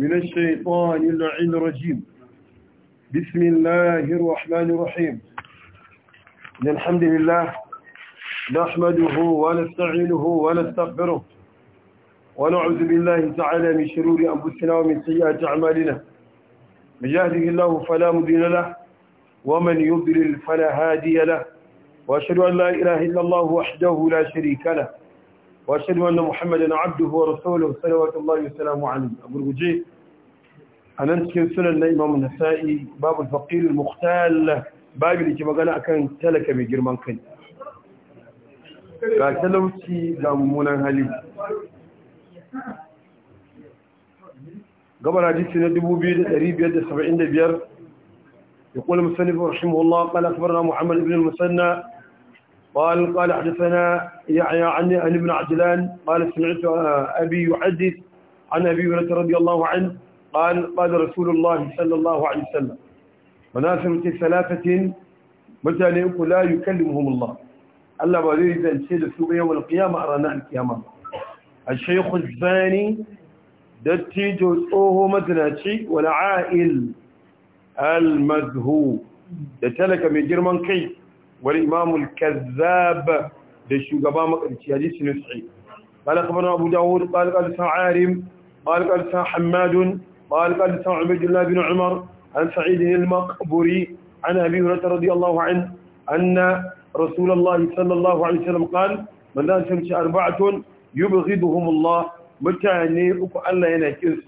من الشيطان اللعين الرجيم بسم الله الرحمن الرحيم الحمد لله نحمده ونستعينه ونستغفره ونعوذ بالله تعالى من شرور أنفسنا ومن سيئات أعمالنا من يهده الله فلا مضل له ومن يضلل فلا هادي له وأشهد أن لا إله إلا الله وحده لا شريك له وأشهد أن محمدا عبده ورسوله صلوات الله وسلامه عليه أبو الوجيه أنا نتكلم سنة الإمام النسائي باب الفقير المختال باب اللي كما قال أكان تلك بجرمان قال تلوتي دامونا هالي قبل حديث دبو بيد قريب يد دبير يقول المسنف رحمه الله قال أخبرنا محمد بن المسنى قال قال حدثنا يعني عن عن ابن عجلان قال سمعت آه، أبي يحدث عن أبي هريرة رضي الله عنه قال قال رسول الله صلى الله عليه وسلم من ثلاثة متى لا يكلمهم الله ألا بذي إذا انسيد السوق يوم القيامة أرانا القيامة الشيخ الزاني دتي جزءه مدناتي والعائل المذهوب دتلك من جرمان كيف والإمام الكذاب لشيقبا مقرشي حديث نسعي قال أخبرنا أبو داود قال قال لسان عارم قال قال لسان حماد قال قال لسان عبد الله بن عمر عن سعيد المقبري عن أبي هريرة رضي الله عنه أن رسول الله صلى الله عليه وسلم قال من لا سمت أربعة يبغضهم الله متاني وكأن هنا كنس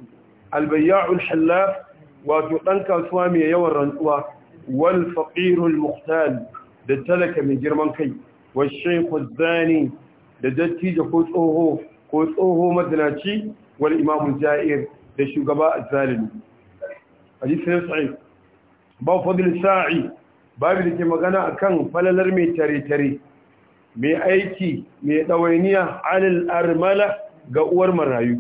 البياع الحلاف وتقنك سوامي يورا والفقير المختال da talaka mai girman kai washe ku zani da dattijo ko tsoho ko tsoho madanaci wal imamu ja'ir da shugaba azzalimi hadisi ne sai ba fadil sa'i babu da ke magana akan falalar mai tare tare mai aiki mai dawainiya alal armala ga uwar marayu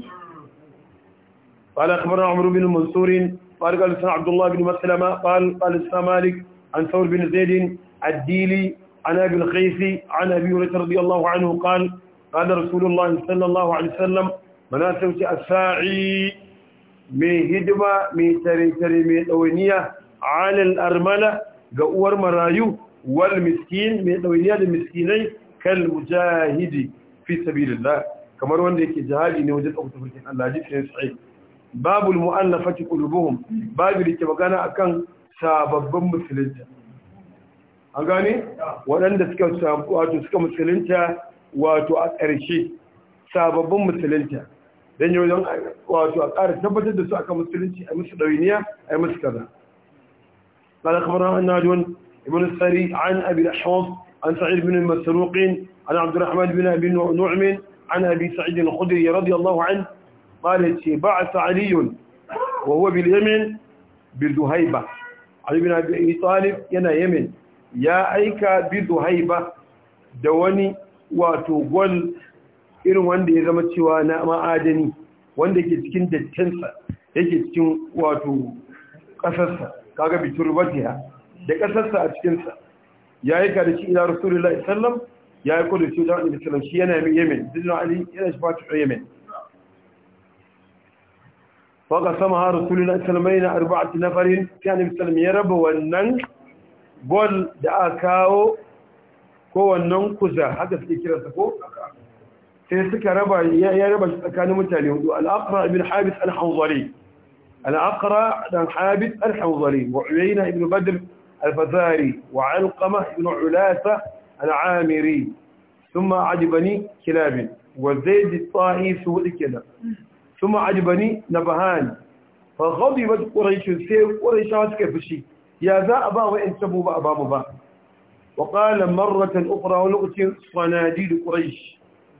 قال أخبرنا عمرو بن منصور قال قال سنة عبد الله بن مسلمة قال قال سنة مالك عن ثور بن زيد الديلي عن أبي القيس عن أبي هريرة رضي الله عنه قال قال رسول الله صلى الله عليه وسلم مناسبة الساعي من هدمة من تري تري من أوينية على الأرملة قوار مرايو والمسكين من أوينية المسكينين كالمجاهد في سبيل الله كما روان ديك جهادي نوجد أبو تفركين الله جيب شيء صحيح باب المؤلفة قلوبهم باب اللي تبقانا أكان سابب مسلسة an gane waɗanda suka wato suka musulunta wato a ƙarshe sababbin musulunta don yau don wato a ƙara tabbatar da su aka musulunci a musu ɗawainiya a musu kaza قال أخبرنا الناجون ابن السري عن أبي الأحوص عن سعيد بن المسروق عن عبد الرحمن بن أبي نعم عن أبي سعيد الخدري رضي الله عنه قال بعث علي وهو باليمن بذهيبة علي بن أبي طالب ينا يمن ya aika bi zuhaiba da wani wato gwal irin wanda ya zama cewa na ma'adani wanda ke cikin dattinsa yake cikin wato ƙasarsa kaga biturbatiya da ƙasarsa a cikinsa ya aika da shi ila rasulullahi sallam ya aika da shi da annabi sallam shi yana yemen dinna ali yana shi fatu yemen fa qasama rasulullahi sallam alaihi wasallam arba'ati nafarin kana bisallam ya raba wannan bol da aka kawo kowannan kuza haka suke kiransa ko sai suka raba ya raba shi tsakanin mutane hudu al'aqra ibn habis al-hanzari al'aqra dan habis al-hanzari wa uyayna ibn badr al-fazari wa alqama ibn ulasa al-amiri ثم عجبني كلاب وزيد الطائي سوء كلاب ثم عجبني نبهان فغضبت قريش سيف قريش واسكفشي ya za a ba wa'ancan mu ba a ba mu ba wa qala marratan ukhra wa luqtin sanadid quraish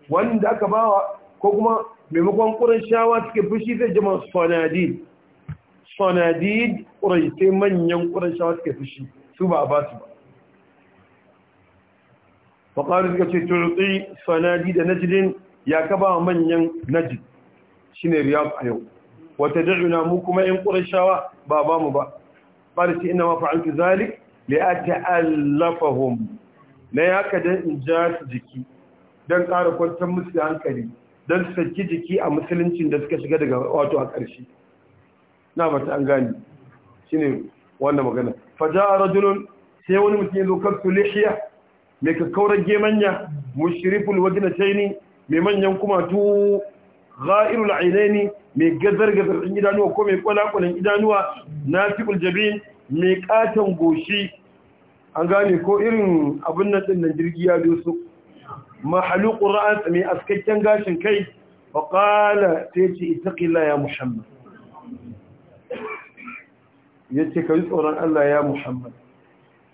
wanda aka bawa ko kuma maimakon qurayshawa suke fushi zai jama sanadid sanadid quraish sai manyan qurayshawa suke fushi su ba a ba su ba fa qala suka ce tu'ti sanadid najdin ya ka ba manyan najd shine riyad a yau wata da'una mu kuma in qurayshawa ba ba mu ba ƙarci ina ma fa'altu zalik da ya ta'allafahum na ya ka don in ja su jiki don ƙara kwantar musu hankali don su saki jiki a musuluncin da suka shiga daga wato a ƙarshe na mata an gani shi ne wannan magana faja a sai wani mutum ya zo kansu lishiya mai kakkaurar gemanya mushriful wajina shaini mai manyan kumatu ghairul ainaini mai gazar gazar din idanuwa ko mai kwalakwalan idanuwa nafiqul jabin mai katan goshi an gane ko irin abin nan din nan jirgi ya biyo su mahaluqur ra's mai askakken gashin kai fa qala tayti ittaqilla ya muhammad yace ka yi tsoron Allah ya muhammad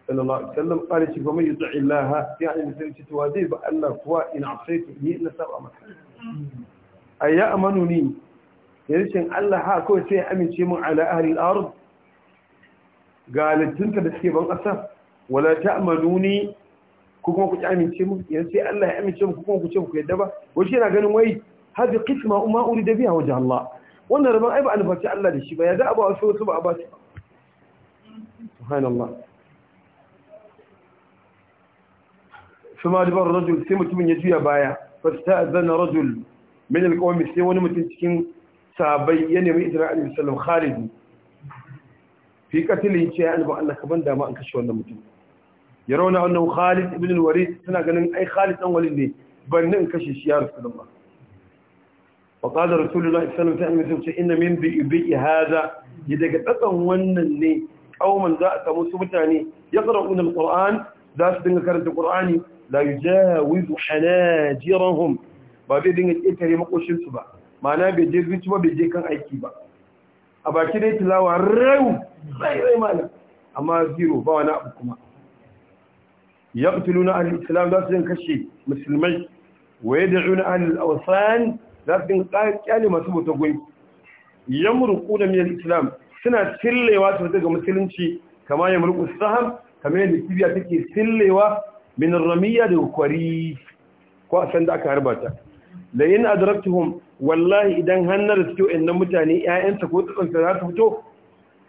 sallallahu alaihi wasallam qala shi fa man yuti'illaha ya'ni sai ce to zai ba Allah kuwa in ni saba maka a ya amanu ni yanzu shin Allah ha kawai sai amince mun ala ahli al-ard galatinta da suke ban ƙasa wala ta'amanu ni ku kuma ku ci amince mun yanzu sai Allah ya amince mu ku kuma ku ce ku yadda ba wai shi yana ganin wai hadi qisma umma urida biha wajh Allah wannan rabon ai ba alfaci Allah da shi ba ya za a ba wasu wasu ba a ba su subhanallah ثم أدبر الرجل سمت من يجوي بايا فاستأذن رجل من القوم سي وني متين cikin sabai ya nemi idra alaihi sallam khalid fi katilin ce ya annabi Allah ka ban dama an kashe wannan mutum yarawna annahu khalid ibn al-walid suna ganin ai khalid dan walid ne ban nan kashe shi ya rasulullah wa qala rasulullah sallallahu alaihi wasallam inna min bi bi hada ya tsakan wannan ne kauman za a samu su mutane ya al-qur'an za su dinga karanta qur'ani la yujawizu hanajirahum ba zai dinga ƙetare makoshinsu ba mana bai je zuci ba bai je kan aiki ba a baki dai tilawa rau rai rai mana, amma zero ba wani abu kuma ya fitilu na ahli islam za su yin kashe musulmai waye da na ahli awsan za su yin kyale masu bauta gwai ya murku da miyar islam suna sillewa su daga musulunci kama ya murku saham kamar yadda kibiya take sillewa min ramiya da kwari ko a san da aka harba ta da yin adraktuhum wallahi idan hannar su yi nan mutane ‘ya’yansa ko tsantsa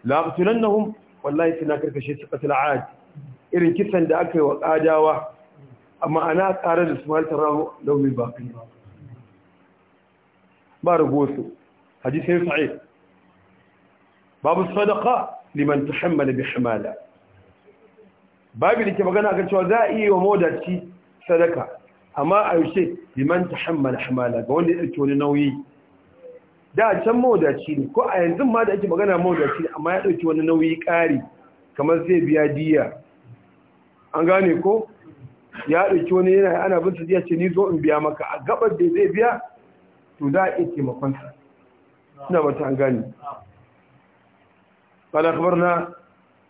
za su fito na hun wallahi suna karkashe su ƙasar aad irin kisan da aka yi wa ƙadawa amma ana ƙarar da su halta rahu da wuri ba rubutu sai sa’i babu sadaka liman tahammala bi himala babu da ke magana kan cewa za a iya wa modaci sadaka amma a ce liman ta hamala hamala ga wanda ya ɗauki wani nauyi da a can maudaci ne ko a yanzu ma da ake magana maudaci ne amma ya ɗauki wani nauyi ƙari kamar zai biya diya an gane ko ya ɗauki wani yana ana bin su ce ni zo in biya maka a gabar da zai biya to za a iya taimakonsa ina ba an gane قال أخبرنا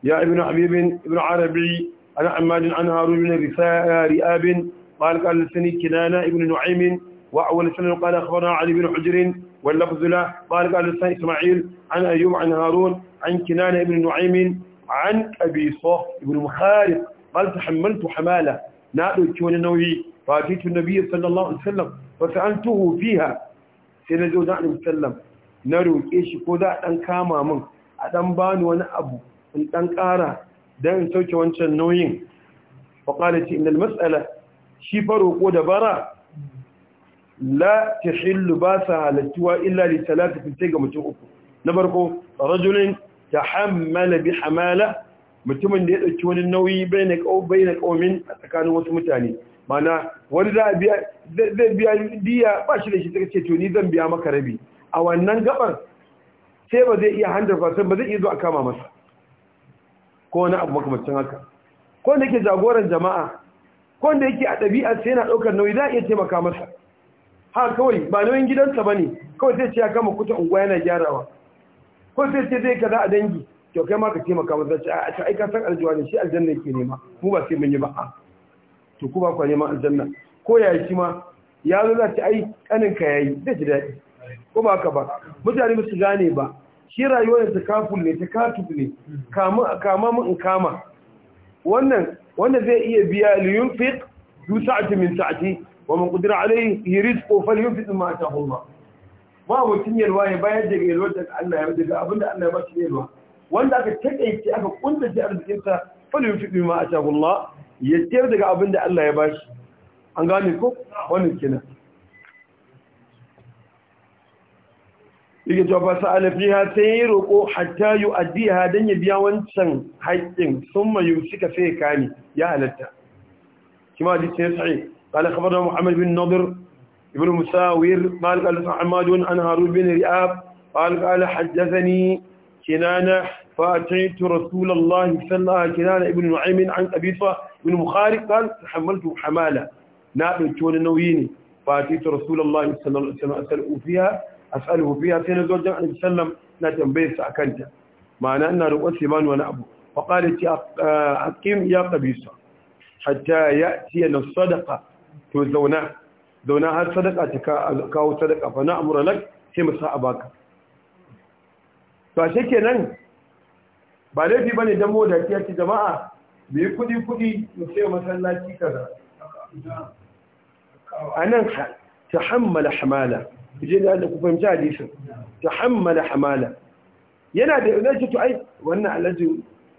يا ابن حبيب ابن عربي عن عماد عن هارون ya ri'abin قال قال لسني كنانة ابن نعيم وأول سنة قال أخبرنا علي بن حجر واللفظ له قال قال لسني إسماعيل عن أيوب عن هارون عن كنانة ابن نعيم عن أبي صخ ابن مخارق قال تحملت حمالة نادو كون نوي فأتيت النبي صلى الله عليه وسلم فسألته فيها سنجو دعني وسلم نرو إيش كودا أن كاما من أدن بان وانا أبو أن أنكارا دان سوك وانشان نوين فقالت إن المسألة shi faro ko da bara la tahillu ba sa halattuwa illa li talatin sai ga mutum uku na farko rajulin tahammala bi hamala mutumin da ya dauki wani nauyi bayna qaw bayna qawmin a tsakanin wasu mutane mana wani za biya zai biya diya ba shi da shi take ce to ni zan biya maka rabi a wannan gabar, sai ba zai iya 100% ba zai iya zo a kama masa ko wani abu makamancin haka ko nake ke jagoran jama'a ko da yake a ɗabi'ar sai yana ɗaukar nauyi za a iya taimaka masa ha kawai ba nauyin gidansa ba ne kawai sai ce ya kama kuta unguwa yana gyarawa ko sai ce zai kaza a dangi to kai ma ka taimaka masa ce a ta aika san aljiwa ne shi aljanna yake nema mu ba sai mun yi ba a to ku ba ku neman aljanna ko ya shi ma ya zo za ta ai kanin ka yayi zai ji daɗi ko ba ka ba mutane ba su gane ba shi rayuwar ta kafin ne ta katu ne kama mun in kama wannan wanda zai iya biya liyunfiq du sa'ati min sa'ati wa man qadira alayhi rizqu falyunfiq ma ataahu Allah ba mutum yalwa ya bayar da yalwar da Allah ya daga abinda Allah ya bashi yalwa wanda aka takeice aka kunta shi arzikin sa falyunfiq ma ataahu Allah ya tiyar daga abinda Allah ya bashi an gane ko wannan kenan yake cewa fa sa'ala fiha sai roko hatta yu'addiha dan ya biya wancan haƙƙin summa yusika sai kani ya halatta kima hadisi ne sahi qala khabarna muhammad bin nadir ibn musawir malik al-ahmad an harun bin ri'ab qala qala hadathani kinana fa ataitu rasulullah sallallahu kinana ibn nu'aym an qabisa ibn mukharib qala hamaltu hamala na dauki wani nauyi ne fa ataitu rasulullah sallallahu alaihi wasallam asal ufiha as'aluhu fiha sai na zo wajen annabi sallam na tambaye su akan ma'ana ina roƙon sai bani wani abu fa qalat ya aqim ah, ya qabisa hatta ya'ti na sadaqa to zauna zauna har sadaqa ta kawo sadaqa fa na amura lak sai mu sa a baka to ashe kenan ba laifi bane dan mu da kiyar jama'a bai kudi kudi mu sai masallaci kaza ta tahammala hamala ku je da ku fahimci hadisin tahammala hamala yana da zai ce to ai wannan alhaji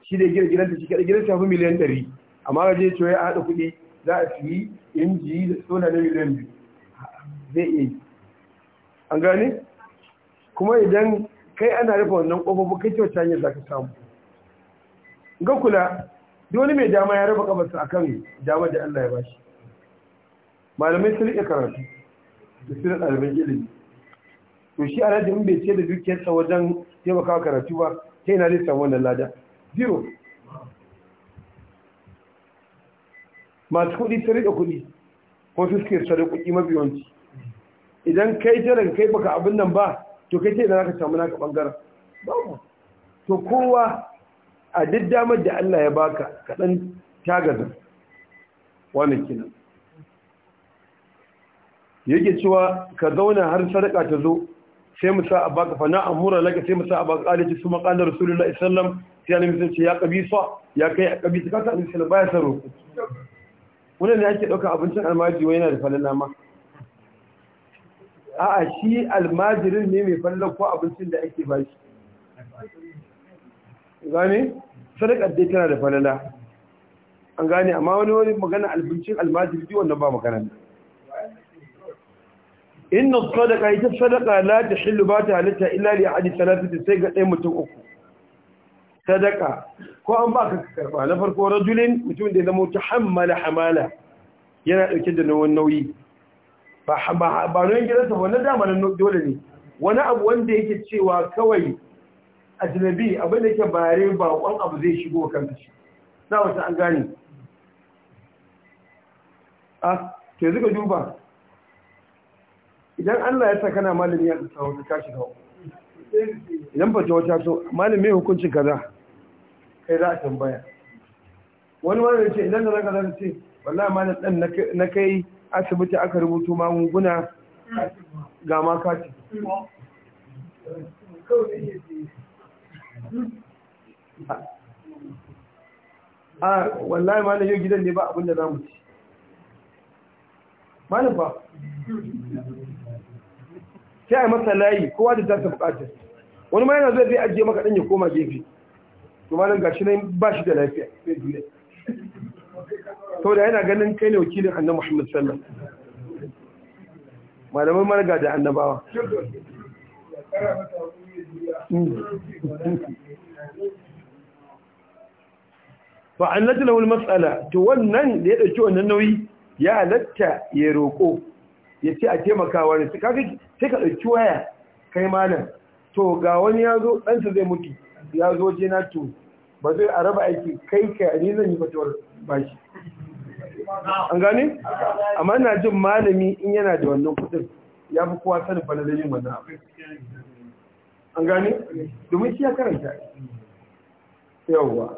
shi da gina da shi kada ta fi miliyan 100 amma ga je to ya hada kuɗi za a fi inji da sona na miliyan biyu. zai iya yi an gane kuma idan kai ana rufe wannan ƙofofin kai kyauta hanyar za ka samu ga kula dole mai dama ya raba kafarsa akan damar da Allah ya bashi malamai sun riƙe karatu da sirrin ɗaliban ilimi to shi alhaji mun bai ce da dukiyarsa wajen taimaka karatu ba ta yana zai samu wannan lada zero masu kuɗi sun riƙe kuɗi ko su suke sarar kuɗi mafi yawanci idan kai jiran kai baka abin nan ba to kai ce idan aka samu naka ɓangaren Ba mu to kowa a duk damar da Allah ya baka kaɗan tagazin wannan kinan yake cewa ka zauna har sadaka ta zo sai mu sa a baka fa na amura laka sai mu sa a baka ci su maqalar rasulullahi sallam sai annabi sai ce ya qabisa ya kai qabisa ka sa annabi baya san roƙo wannan ne yake dauka abincin almajiri wai yana da falala ma a'a shi almajirin ne mai falala ko abincin da ake ba shi gane sadaka dai tana da falala an gane amma wani wani magana abincin almajiri wannan ba magana ne inna sadaqa ita sadaqa la tahillu ba ta halitta illa li ahadi thalathati sai ga dai mutum uku sadaka ko an baka karba na farko rajulin mutum da ya zama tahammala hamala yana dauke da nawan nauyi ba ba ba gidan sa wannan dama manan dole ne wani abu wanda yake cewa kawai ajnabi abin da yake bare ba kon abu zai shigo kan shi sai wata an gane ah ke zuka duba idan Allah ya saka na malami ya tsawo ta kashi shiga idan ba ta wata so malami hukuncin kaza kai za a tambaya wani wani ce idan da zaka zaka ce wallahi malam dan na kai asibiti aka rubuto magunguna ga ma kashi a wallahi malam yau gidan ne ba abin da za mu ci malam ba sai a masa layi kowa da tasa bukatar wani ma yana zai zai ajiye maka ɗan ya koma gefe to nan gashi na ba shi da lafiya sai dole saboda yana ganin kai ne wakilin annan Muhammad Sallar, malamai marga da annabawa da lahul matsala to wannan da ya ɗauki wannan nauyi ya latta ya roƙo ya ce a taimakawa ne sai ka ɗauki waya kai malam to ga wani ya zo ɗansa zai mutu ya zo je na to ba zai a raba aiki kai kai ni zan yi ba shi. an gane amma ina jin malami in yana da wannan kuɗin ya fi kowa sanin fa na yin wannan abu an gane domin shi ya karanta yawwa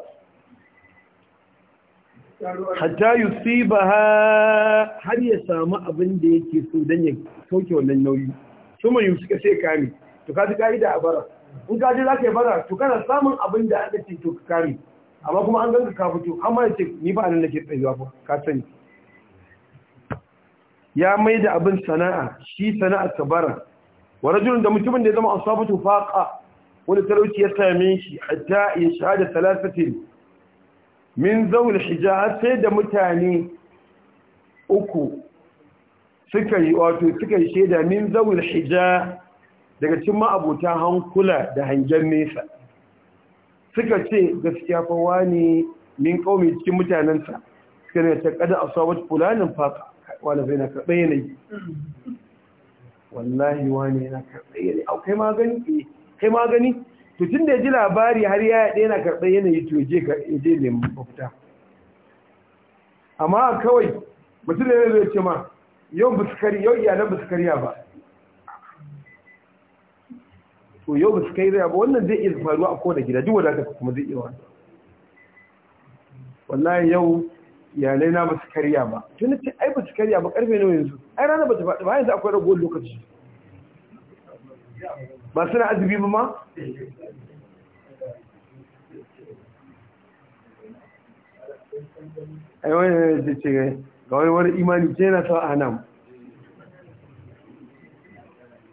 hatta yusibaha har ya samu abin da yake so dan ya soke wannan nauyi kuma yin suka sai kame to ka ji ka'ida a bara in ka ji za ka yi bara to kana samun abin da aka ce to ka kame amma kuma an ganka ka fito amma ya ce ni ba nan nake tsayuwa ba ka sani ya mai da abin sana'a shi sana'a ta bara wa rajulun da mutumin da ya zama asabatu faqa wani talauci ya same shi hatta ya shahada talatin min zaul hijaz sai da mutane uku suka yi wato suka yi shaida min zaul hijaz daga cikin ma'abuta hankula da hangen nesa suka ce gaskiya fa wani min kaumi cikin mutanensa suka ne ta kada asabat fulanin fa wala zai na karɓe yanayi wallahi wani yana karɓe yanayi au kai ma gani eh, kai ma gani to tun da ya ji labari har ya yi daina karɓar yanayi to je je ne mafuta amma kawai mutum da ya zo ce ma yau buskari yau iyalan buskariya ba to yau buskariya ba wannan zai iya faruwa a kowane gida duk wadata kuma zai iya wani wallahi yau iyalai na ba su karya ba tun ce ai ba su karya ba karfe nawa yanzu ai rana ba ta faɗi ba yanzu akwai ragowar lokaci ba suna azubi ba ma ai wani da ce ga wani wani imani ce na sa a nan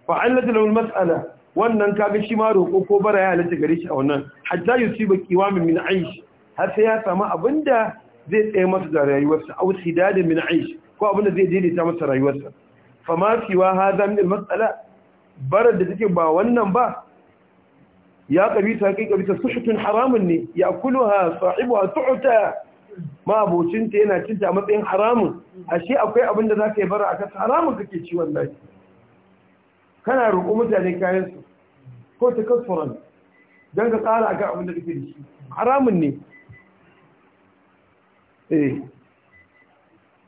lati launin matsala. wannan kaga shi ma roƙo ko bara ya halatta gari shi a wannan hatta yusiba qiwamin min aish har sai ya samu abinda zai tsaye masa da rayuwarsa wasu hidadin min aish ko abinda zai daidaita masa rayuwarsa fama siwa hadha min barar da take ba wannan ba ya kabita kai kabita suhutun haramun ne ya ha kuluha ha suhuta ma abocinta yana cinta a matsayin haramun ashe akwai abin da za ka yi bara a kasa haramun kake ci wallahi kana roƙo mutane kayan su ko ta kasuran don ka tsara a kan abin da kake da shi haramun ne eh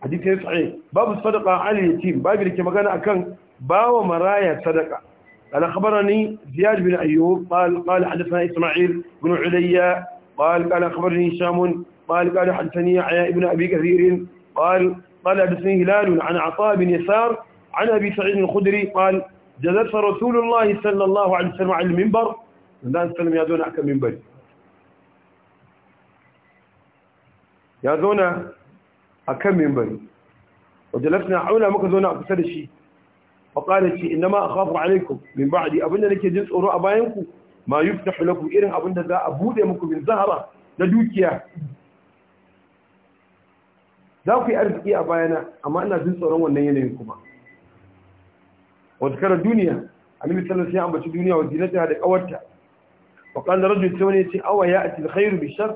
hadisi ya tsaye babu sadaka ali yatim babu da ke magana akan bawa maraya sadaka قال أخبرني زياد بن أيوب قال قال حدثنا إسماعيل بن عليا قال قال أخبرني هشام قال قال حدثني يحيى بن أبي كثير قال قال حدثني هلال عن عطاء بن يسار عن أبي سعيد الخدري قال جلس رسول الله صلى الله عليه وسلم على المنبر الناس سلم يا دون أحكم منبر يا دون أحكم منبر وجلسنا حولها مكذونا أكثر شيء faƙala ce ina ma a kafa alaikum min ba'adi abinda nake jin tsoro a bayanku ma yi fita hulaku irin abinda za a buɗe muku min zahara na dukiya za ku yi arziki a bayana amma ina jin tsoron wannan yanayin kuma wata kara duniya a nemi sallar sai ambaci duniya wa zinata da ƙawarta faƙala da rajin sai wani ya ce awa ya a tilkhairu bishar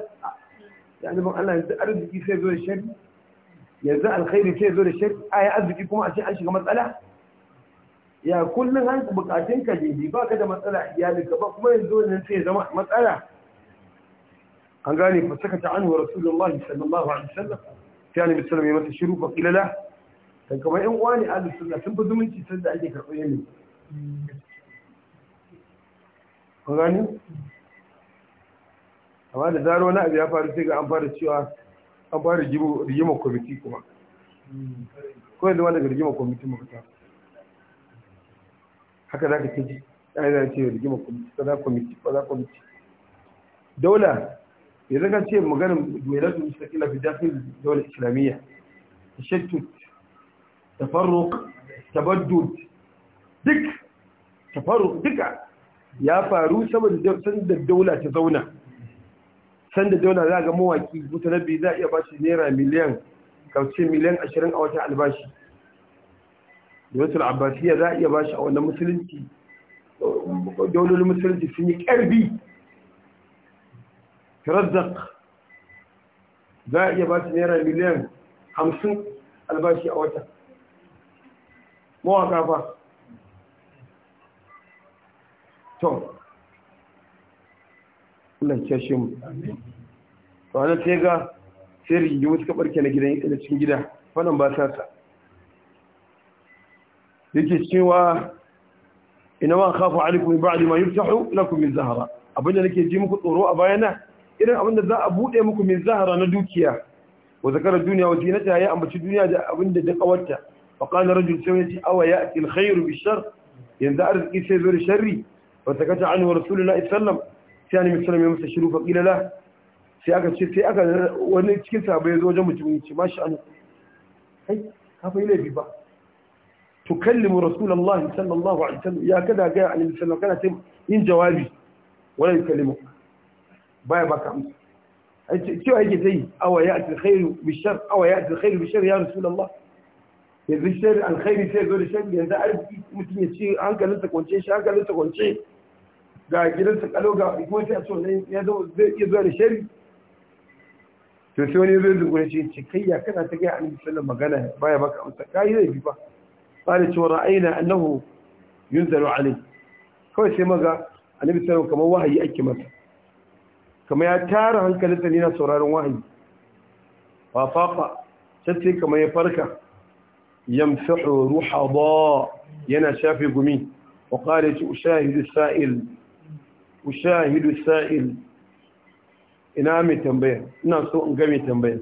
ya nufin allah yanzu arziki sai zo da shari yanzu alkhairu sai zo da shari a ya arziki kuma a ce an shiga matsala ya kullum har bukatun ka jeji ba ka da matsala a iyalinka ba kuma yanzu nan sai zama matsala an gane fa saka ta anhu rasulullah sallallahu alaihi wasallam sai annabi sallallahu alaihi wasallam ya mata shiru ba kilala? la kan kamar yan uwa ne ahlus sunna sun fi zumunci sun da ake karɓar yamin an gane amma da zarar wani abu ya faru sai ga an fara cewa an fara rigima kwamiti kuma kawai da wani rigima kwamiti mafita haka za ka ce ana ce rigima kwamiti kaza kwamiti kaza kwamiti daula ya zaka ce maganin mai maganar duwailar mustaqila fi dakhil daula islamiyya tashattut tafarruq tabaddud duk ta tafarruq duka ya faru saboda san da daula ta zauna san da daula za ga mawaki mutanabbi za a iya bashi naira miliyan kauce miliyan ashirin a wata albashi dolatul abbasiyya za a iya ba shi a wannan musulunci daulolin musulunci sun yi ƙarbi razzak za a iya ba shi naira miliyan hamsin albashi a wata mawaka fa to Allah ya shi mu to ana sai ga sai rigiyu suka barke na gidan ita cikin gida wannan ba ta sa yake cewa ina ma khafu alaikum ba'di ma yuftahu lakum min zahra abinda nake ji muku tsoro a bayana irin abinda za a bude muku min zahra na dukiya wa zakara duniya wa zinata ya ambaci duniya da abinda da kawarta fa qala rajul sai yace awa ya'ti alkhairu bishar yanzu arziki sai zo sharri wa sakata anhu rasulullahi sallallahu alaihi wasallam sai ya masa shiru fa qila la sai aka ce sai aka wani cikin sahabbai ya zo wajen mutum ya ce mashi an kai ka fa yi laifi ba tukallimu rasulullahi sallallahu alaihi wasallam ya kada ga annabi sallallahu alaihi wasallam yin jawabi wala yukallimu baya baka amsa ai ce ai ke sai awa ya atil khairu bi awa ya atil khairu bi shar ya rasulullah yanzu shar alkhairi sai zo da shar yanzu arziki mutum ya ce hankalinsa kwance shi hankalinsa kwance ga gidansa kalo ga kuma sai a ce wannan ya zo zai iya da shari to sai wani zai zungure ce ce kai ya magana قال شو رأينا أنه ينزل عليه kawai sai maga annabi sallallahu kamar wahayi ake masa Kama ya tara hankalinsa ne na sauraron wahayi fa faqa sai kamar ya farka yamsahu ruhada yana shafi gumi wa qala ti ushahidu sa'il ushahidu sa'il ina mai tambaya ina so in ga mai tambaya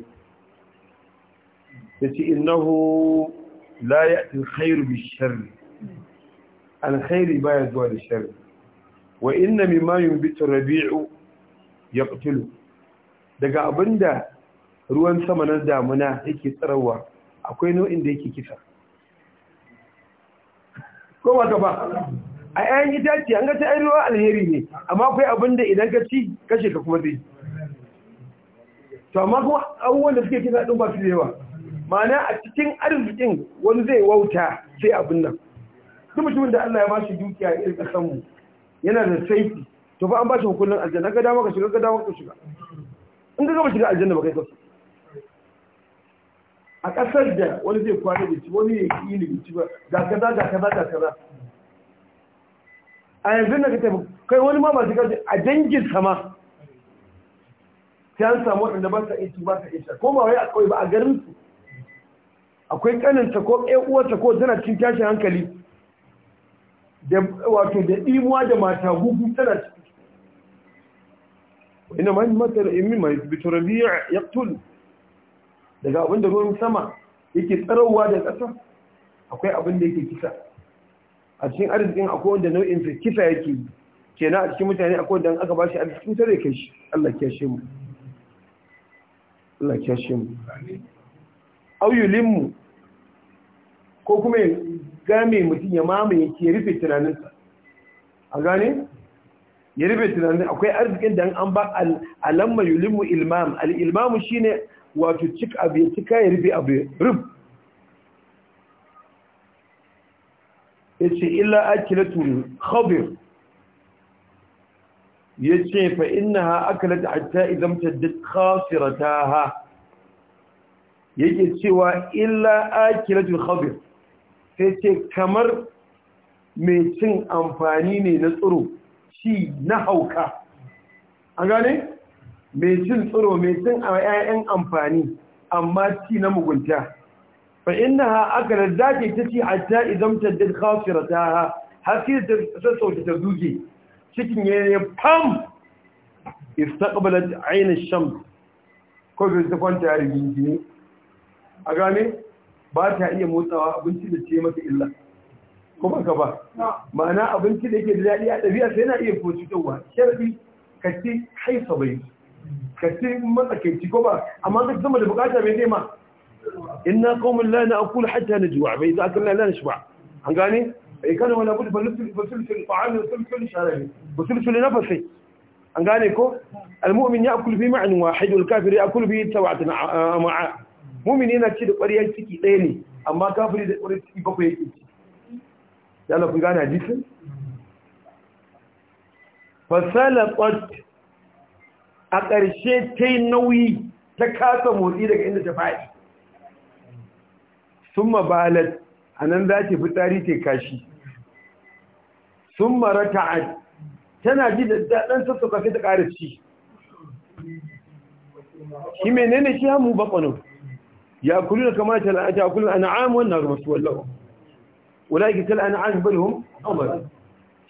yace innahu la ya'ti alkhairu bisharri alkhairi ba ya zuwa da shari. wa inna mimma yunbitu rabi'u ya yaqtulu daga abinda ruwan sama na damuna yake tsarawa akwai nau'in da yake kisa ko ba a yayin itace an ga ta ruwa alheri ne amma akwai abinda idan ka ci kashe ka kuma zai to amma kuma abubuwan da suke kisa din ba su yawa mana a cikin arzikin wani zai wauta sai abin nan duk mutumin da Allah ya ba shi dukiya a irin kasanmu yana da saifi to fa an ba shi hukunin aljanna ga dama ka shiga ga dama ka shiga in ga gaba shiga aljanna ba kai kasu a kasar da wani zai kwana da shi wani ya yi ilimi ci ba ga kaza ga kaza ga kaza a yanzu na ka tafi kai wani ma masu kaji a dangin sama sai an samu waɗanda ba sa iya ci ba sa iya ko ba wai a kawai ba a garin su akwai kaninta ko uwarta ko tana cikin tashin hankali da wato da imuwa da mata gugu tana cikin ina ma matar imi mai biyu ya tulu daga abinda ruwan sama yake tsararwa da ƙasa akwai abinda yake kisa a cikin arzikin akwai wanda nau'in kisa yake yi na a cikin mutane akwai wanda aka ba shi arzikin tare kai shi Allah ya shi mu Allah ya shi mu amin auyulinmu ko kuma ya game mutum ya mamaye ke rufe tunaninsa a gane? ya rufe tunanin akwai arzikin da an ba alamma yulinmu ilmam al'ilmamu shi ne wato cik abu ya cika ya rufe abu rub ya ce illa akilatun khabir ya ce fa na ha akalata hatta idan ta duk khasirata ha yake cewa illa akilatul khabir sai ce kamar mai cin amfani ne na tsoro, shi na hauka an gane mai cin tsoro, mai cin ƴaƴan amfani amma ci na mugunta fa innaha akalar dake ta ci hatta idan ta dad khafirataha har sai ta sassauta ta zuge cikin yayin pam istaqbalat ayn ash-shams ko bai ta kwanta a rigingine a gane ba ta iya motsawa abinci da ce mata illa kuma ka ba ma'ana abinci da yake da daɗi a ɗabi'a sai na iya ko cutarwa sharbi ka ci haifa bai ka ci matsakaici ko ba amma ka zama da bukata mai nema inna qaumun la na'kul hatta najwa bai za akalna la nashba an gane bai kana wala bud falusul da ta'am falusul sharabi falusul nafsi an gane ko almu'min ya'kul fi ma'an wahid wal kafir ya'kul fi sab'ati ma'a mumini yana ci da ƙwariyar ciki ɗaya ne amma kafiri da ƙwariyar ciki bakwai yake ci ya lafi gane hadisin fasalaqat a ƙarshe ta yi nauyi ta kasa motsi daga inda ta faɗi sun mabalat a nan za ta fitari ta kashi sun marata'ad tana ji da daɗin sassauka sai ta ƙara ci shi menene shi hamu bakwano ta يأكلون كما تأكل الأنعام والنار مسوى لهم ولكن كالأنعام بل هم أمر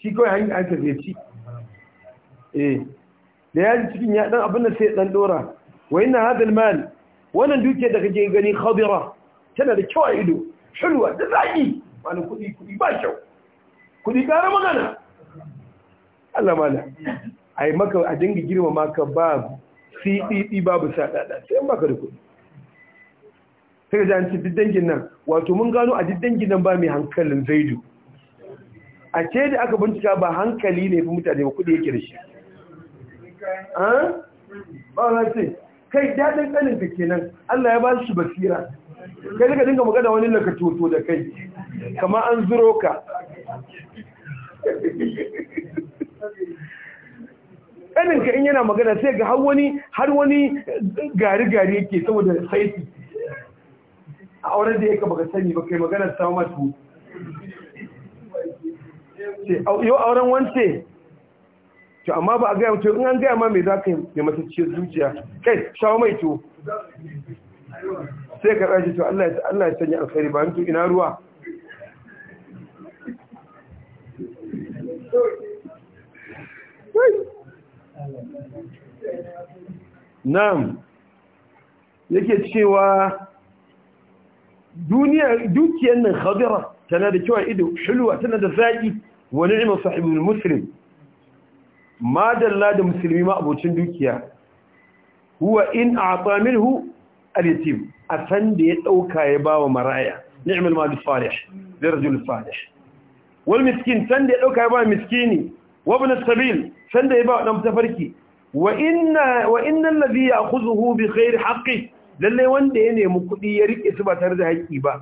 shi kawai hanyar aka zai ci eh da ya ji cikin ya dan abin da sai dan dora wa inna hadal mal wannan duke da kake gani khadira tana da kyau a ido shirwa da zaki wani kudi kudi ba kyau kudi kare magana Allah mala ai maka a dinga girma maka ba cdd babu sadada sai maka da kudi sai ga an ci nan wato mun gano a dangin nan ba mai hankalin zaidu a ce da aka bincika ba hankali ne fi mutane ba kudi yake da shi ba ce kai daɗin tsanin ka kenan Allah ya ba shi basira kai daga dinga magana wani laka toto da kai kama an zuro ka tsanin in yana magana sai ga har har wani gari-gari yake saboda saiti a auren da yake baka sani ba kai maganar ta matu yau auren wance to amma ba a gaya mutu in an gaya ma mai za ka yi masu mataciyar zuciya kai shawo mai to sai ka ɗaji to Allah ya sanya alkhairi ba mutu ina ruwa Nam yake cewa duniya dukiyar nan khadira tana da kyau ido hulwa tana da zaƙi wa ni'mal sahibul muslim madalla da musulmi ma abocin dukiya huwa in a a'ta hu al-yatim asan da ya dauka ya bawa maraya ni'mal mal salih da rajul salih wal miskin san da ya dauka ya bawa miskini wa ibn as-sabil san da ya bawa dan tafarki wa inna wa inna alladhi ya'khudhuhu bi ghairi haƙƙi. Lallai wanda ya nemi kuɗi ya riƙe su ba tare da haƙƙi ba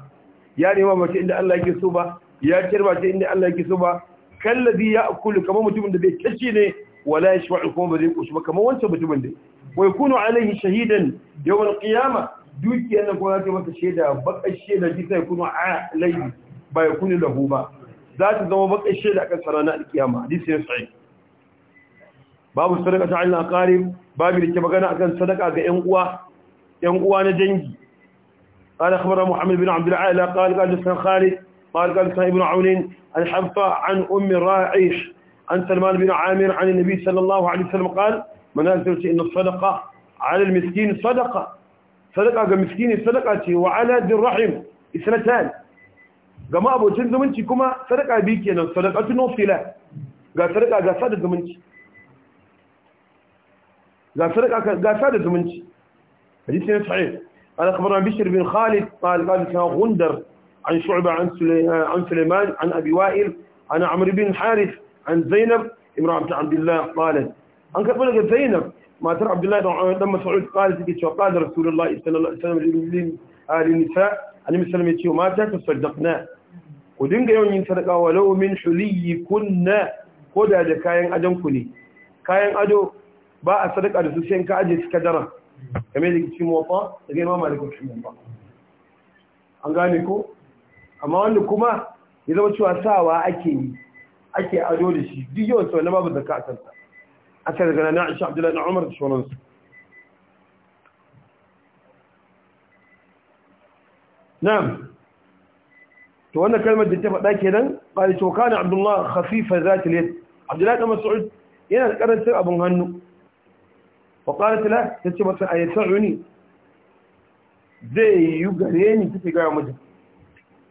ya nema mace inda Allah yake so ba ya ciyar mace inda Allah yake so ba kallazi ya akulu kamar mutumin da bai kace ne wala yashba'u kuma ba zai kushi ba kamar wancan mutumin da wai kunu alaihi shahidan yawmal qiyama dukiyar nan ko za ta masa shaida bakar shaida ji sai kunu alaihi ba ya kunu lahu ba za ta zama bakar shaida akan sarana alkiyama hadisi ne sahih babu sadaka ta Allah qarib babu da ke magana akan sadaka ga 'yan uwa يوم uwa na قال أخبر محمد بن عبد العائلة قال قال لسان خالد قال قال لسان ابن عون عن عن أم رائش عن سلمان بن عامر عن النبي صلى الله عليه وسلم قال من أنزلت إن الصدقة على المسكين صدقة صدقة المسكين صدقة وعلى ذي الرحم اثنتان جماعة أبو منتي كما صدقة بيك أنا صدقة له قال صدقة قال صدقة منتي قال صدقة قال صدقة منتي حديث صحيح قال أخبرنا بشر بن خالد قال قال غندر عن شعبة عن عن سليمان عن أبي وائل عن عمرو بن الحارث عن زينب امرأة عبد الله قالت عن لك زينب ما ترى عبد الله بن سعود قالت وقال رسول الله صلى الله عليه وسلم للنساء عليه وسلم يتي وما تصدقنا ودنجا يوم ينصدقا ولو من حلي كنا كودا هذا كاين أدم ku كاين أدو باء ba أدو سوسين da su kamar da cikin mawafa da zai mamaye da cikin mawafa an gane ko amma wanda kuma ya zama cewa sawa ake yi ake ajo da shi duk yawan sau na babu zaka a kansa a kan daga nan aisha abdullahi na umar da shoransu na'am to wannan kalmar da ta faɗa kenan qali to kana abdullah khafifa zati lid abdullahi da mas'ud yana da karancin abun hannu faƙarar tila ta ce masa a yi sa'uni zai yi gare ni ta gaya mijin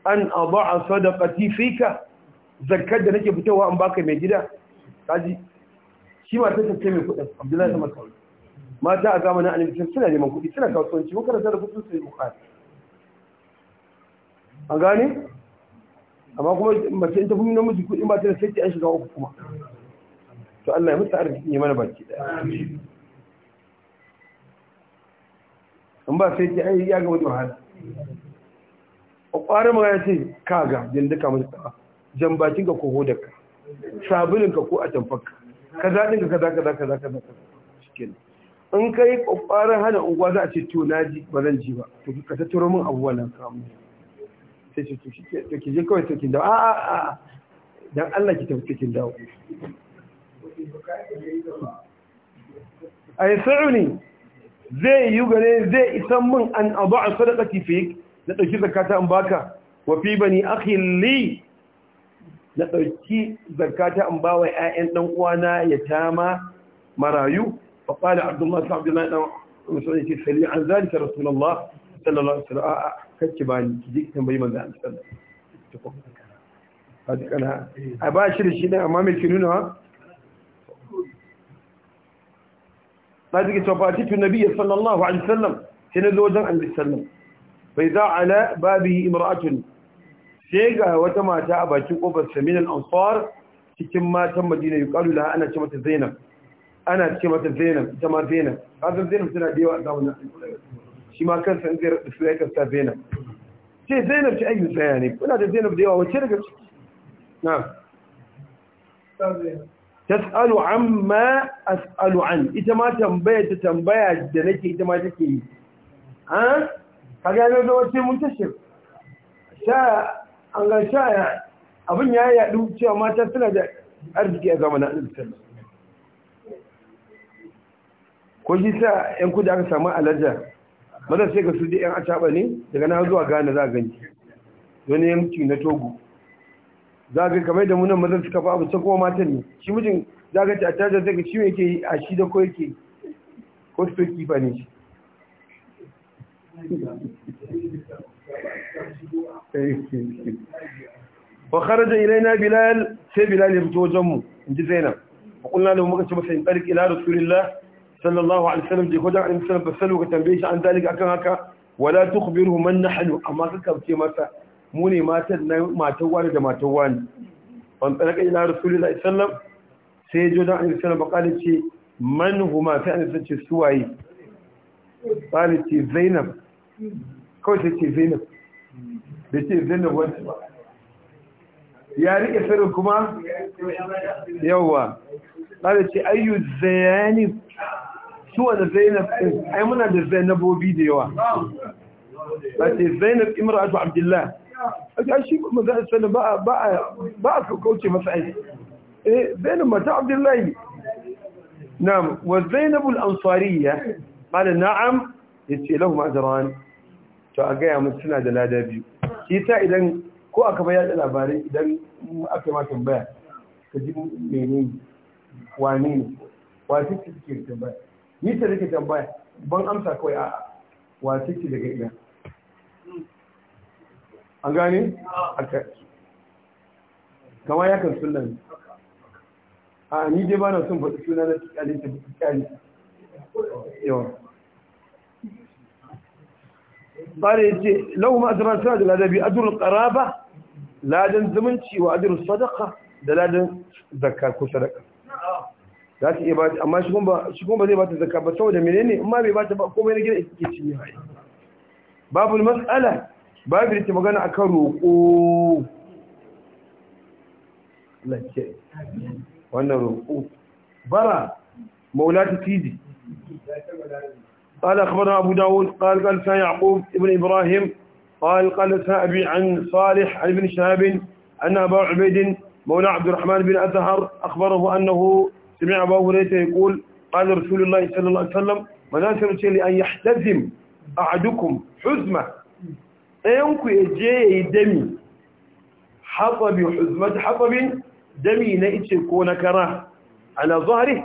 an abu a sadakati fika zakar da nake fitowa an baka mai gida kaji shi ma ta tattace mai kudin abdullahi da kawai mata a zamanin annabi suna neman kudi suna kasuwanci mun karanta da kudin su bukhari an gane amma kuma mace in tafi namiji kudin ba ta da sai an shiga uku kuma to Allah ya musta arziki ne mana baki daya in ba sai ke an yi yaga wani wahala a ƙwarar magana ce ka ga jin duka mai tsawa jan bakin ka ko hodar ka sabulin ka ko a tamfaka ka ka zaɗin ka kaza kaza kaza kaza cikin in ka yi ƙwarar hana unguwa za a ce to na ji ba zan ji ba to ka turo min abubuwan nan kamun sai ce to ki je kawai to dawo dan Allah ki tafi dawo ai sa'uni zai yi gare zai isan min an abu a sadakati fi na ɗauki zakata an baka wa fi bani na ɗauki zakata an bawa ƴaƴan ɗan uwana ya tama marayu fa qala sallallahu alaihi wasallam a kacce bani ki ji tambayi manzo an sallallahu alaihi wasallam a ba shi da shi ne amma mai kinuna ما تجي تفاتيت النبي صلى الله عليه وسلم تنزوجا عن السلم فإذا على بابه امرأة سيقى وتما تأبى تقوبة من الأنصار تكما تم مدينة يقال لها أنا كما تزينب أنا كما تزينب كما زينب هذا زينب سنة ديوة دونة شما كان سنزير سويتا زينب شي زينب شي أي زينب ولا زينب ديوة وشيرك نعم Thank tas'alu amma as'alu an ita ma tambaya ta tambaya da nake ita ma take yi ha kaga ne da wace tashi sha an ga sha abin ya yadu cewa mata suna da arziki a zamanin annabi sallallahu ko shi sa yan kudi aka samu alaja maza sai ga su da yan acaba ne daga na zuwa gane za a ganki wani yanki na togo za kamar da munan mazan suka fi abu sai kuma matan ne shi mijin za ta a caja ga shi yake yi a shi da ko yake ko su kifa ne shi wa kharaja ilaina bilal sai bilal ya fito wajen mu ji zainab wa qulna lahu muka ce masa in tariq ila rasulillah sallallahu alaihi wasallam je wajen an sallallahu alaihi wasallam ka tambaye shi an dalika akan haka wala tukhbiruhu man nahnu amma ka kauce masa mu ne matan na matan wani da matan wani wani tsarka ila rasulullah sallam sai jo dan annabi sallam bakali ce man huma sai annabi ce suwaye bani ce zainab kawai sai ce zainab da ce zainab wani ya riƙe sirrin kuma yawwa bani ce ayyu zainab su wanda zainab ai muna da zainabobi da yawa ba ce zainab imra'atu Abdullahi. a shi manzo asali ba ba ba kauce masa ai eh zainab mata abdullahi na'am wa zainab al bada Na'am na'am yace lahum ajran to a gaya musu suna da lada biyu shi ta idan ko aka bayar da labarai idan aka yi ma tambaya ka ji menene wane ne wace ce suke tambaya ni ta nake tambaya ban amsa kawai a'a wace ce daga ina an gane? kama ya kan sunan a ni dai ba na sun faɗi suna na kyale ta kyale yawa bare yace lau ma azran suna da ladabi ajrul qaraba ladan zumunci wa ajrul sadaka da ladan zakka ko sadaka. za ta iya ba amma shi kuma ba zai ba ta zakka ba saboda menene amma bai ba ta ba komai na gida yake cinye Babu babul mas'ala babu da ke magana a kan roƙo lake wannan roƙo bara قال أخبرنا أبو داود قال قال سان يعقوب ابن إبراهيم قال قال سان أبي عن صالح عن ابن شهاب أن أبا عبيد مولى عبد الرحمن بن أزهر أخبره أنه سمع أبا هريرة يقول قال رسول الله صلى الله عليه وسلم مناسر شيء لأن يحتزم أحدكم حزمة ɗayanku ya je ya yi dami haɓabi huzmatu haɓabin dami na ice ko na kara ana zuhari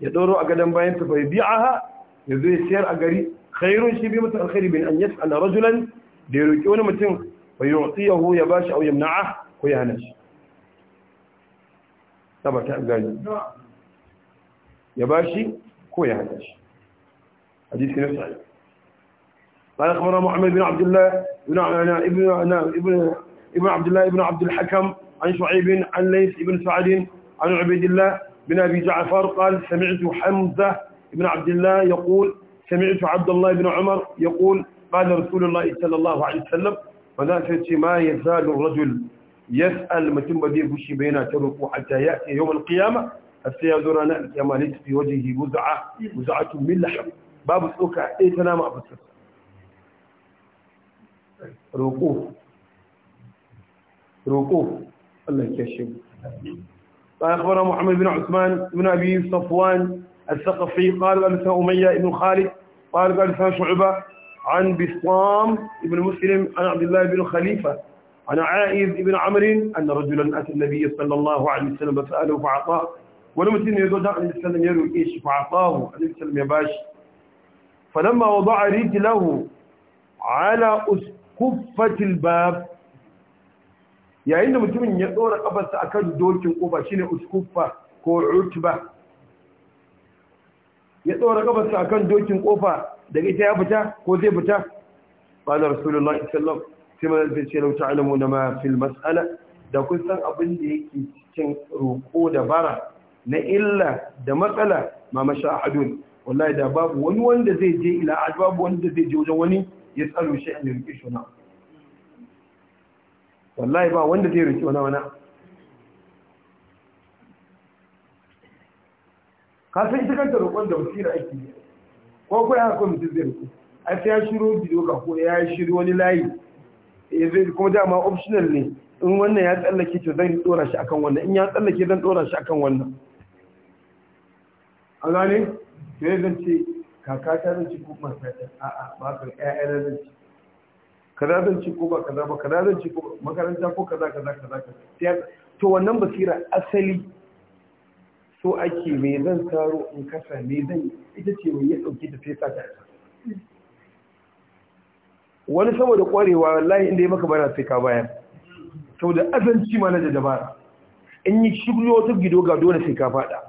ya ɗoro a gadon bayan ta tafai bi'aha ya zo ya siyar a gari khairun shi bi mutu alkhairi bin an yasa ana rajulan da ya roƙi wani mutum bai yi yahu ya ba shi au ko ya hana shi gani ya ba shi ko ya hana shi hadisi na sa'i قال أخبرنا محمد بن عبد الله بن ابن ابن ابن عبد الله بن عبد الحكم عن شعيب عن ليث بن سعد عن عبيد الله بن أبي جعفر قال سمعت حمزة بن عبد الله يقول سمعت عبد الله بن عمر يقول قال رسول الله صلى الله عليه وسلم فذاك ما يزال الرجل يسأل متن بدي بشي بينا تركه حتى يأتي يوم القيامة حتى يزورنا يا القيامة في وجهه وزعة وزعة من لحم باب السوكة اي تنام أبو روكو روكو الله يكشف shi قال أخبرنا محمد بن عثمان بن أبي صفوان الثقفي قال قال أمية بن خالد قال قال شعبة عن بسام بن مسلم عن عبد الله بن خليفة عن عائذ بن عمرو أن رجلا أتى النبي صلى الله عليه وسلم فسأله فأعطاه ولم يسلم يدود النبي صلى الله إيش فأعطاه النبي صلى الله يباش فلما وضع رجله على أسفل kuffatil bab yayin da mutumin ya tsora kafarsa akan dokin kofa shine uskuffa ko utba ya tsora kafarsa akan dokin kofa daga ita ya fita ko zai fita qala rasulullahi sallallahu alaihi wasallam sai ce lau ta'lamuna ma fil mas'ala da kun san abin da yake cikin roko da bara na illa da matsala ma mashahadun wallahi da babu wani wanda zai je ila babu wanda zai je wajen wani yasalu shay'an yurqishuna wallahi ba wanda zai rike wani wani ka san ita kanta roƙon da wasira ake yi ko kai ya mutum zai rike a sai ya shiro bidiyo ka ko ya shiro wani layi ya zai kuma dama optional ne in wannan ya tsallake to zan dora shi akan wannan in ya tsallake zan dora shi akan wannan a gane sai zan ce kaka ta zan ci ko mata ta a'a ba ka ƴaƴa zan ci kaza zan ci ko ba kaza ba kaza zan ci ko makaranta ko kaza kaza kaza kaza to wannan basira asali so ake me zan taro in kasa me zan ita ce mai ya dauke ta sai ta wani saboda kwarewa wallahi inda ya maka bana sai ka bayar saboda azanci ma na da dabara in yi shiryo ta gido ga dole sai ka fada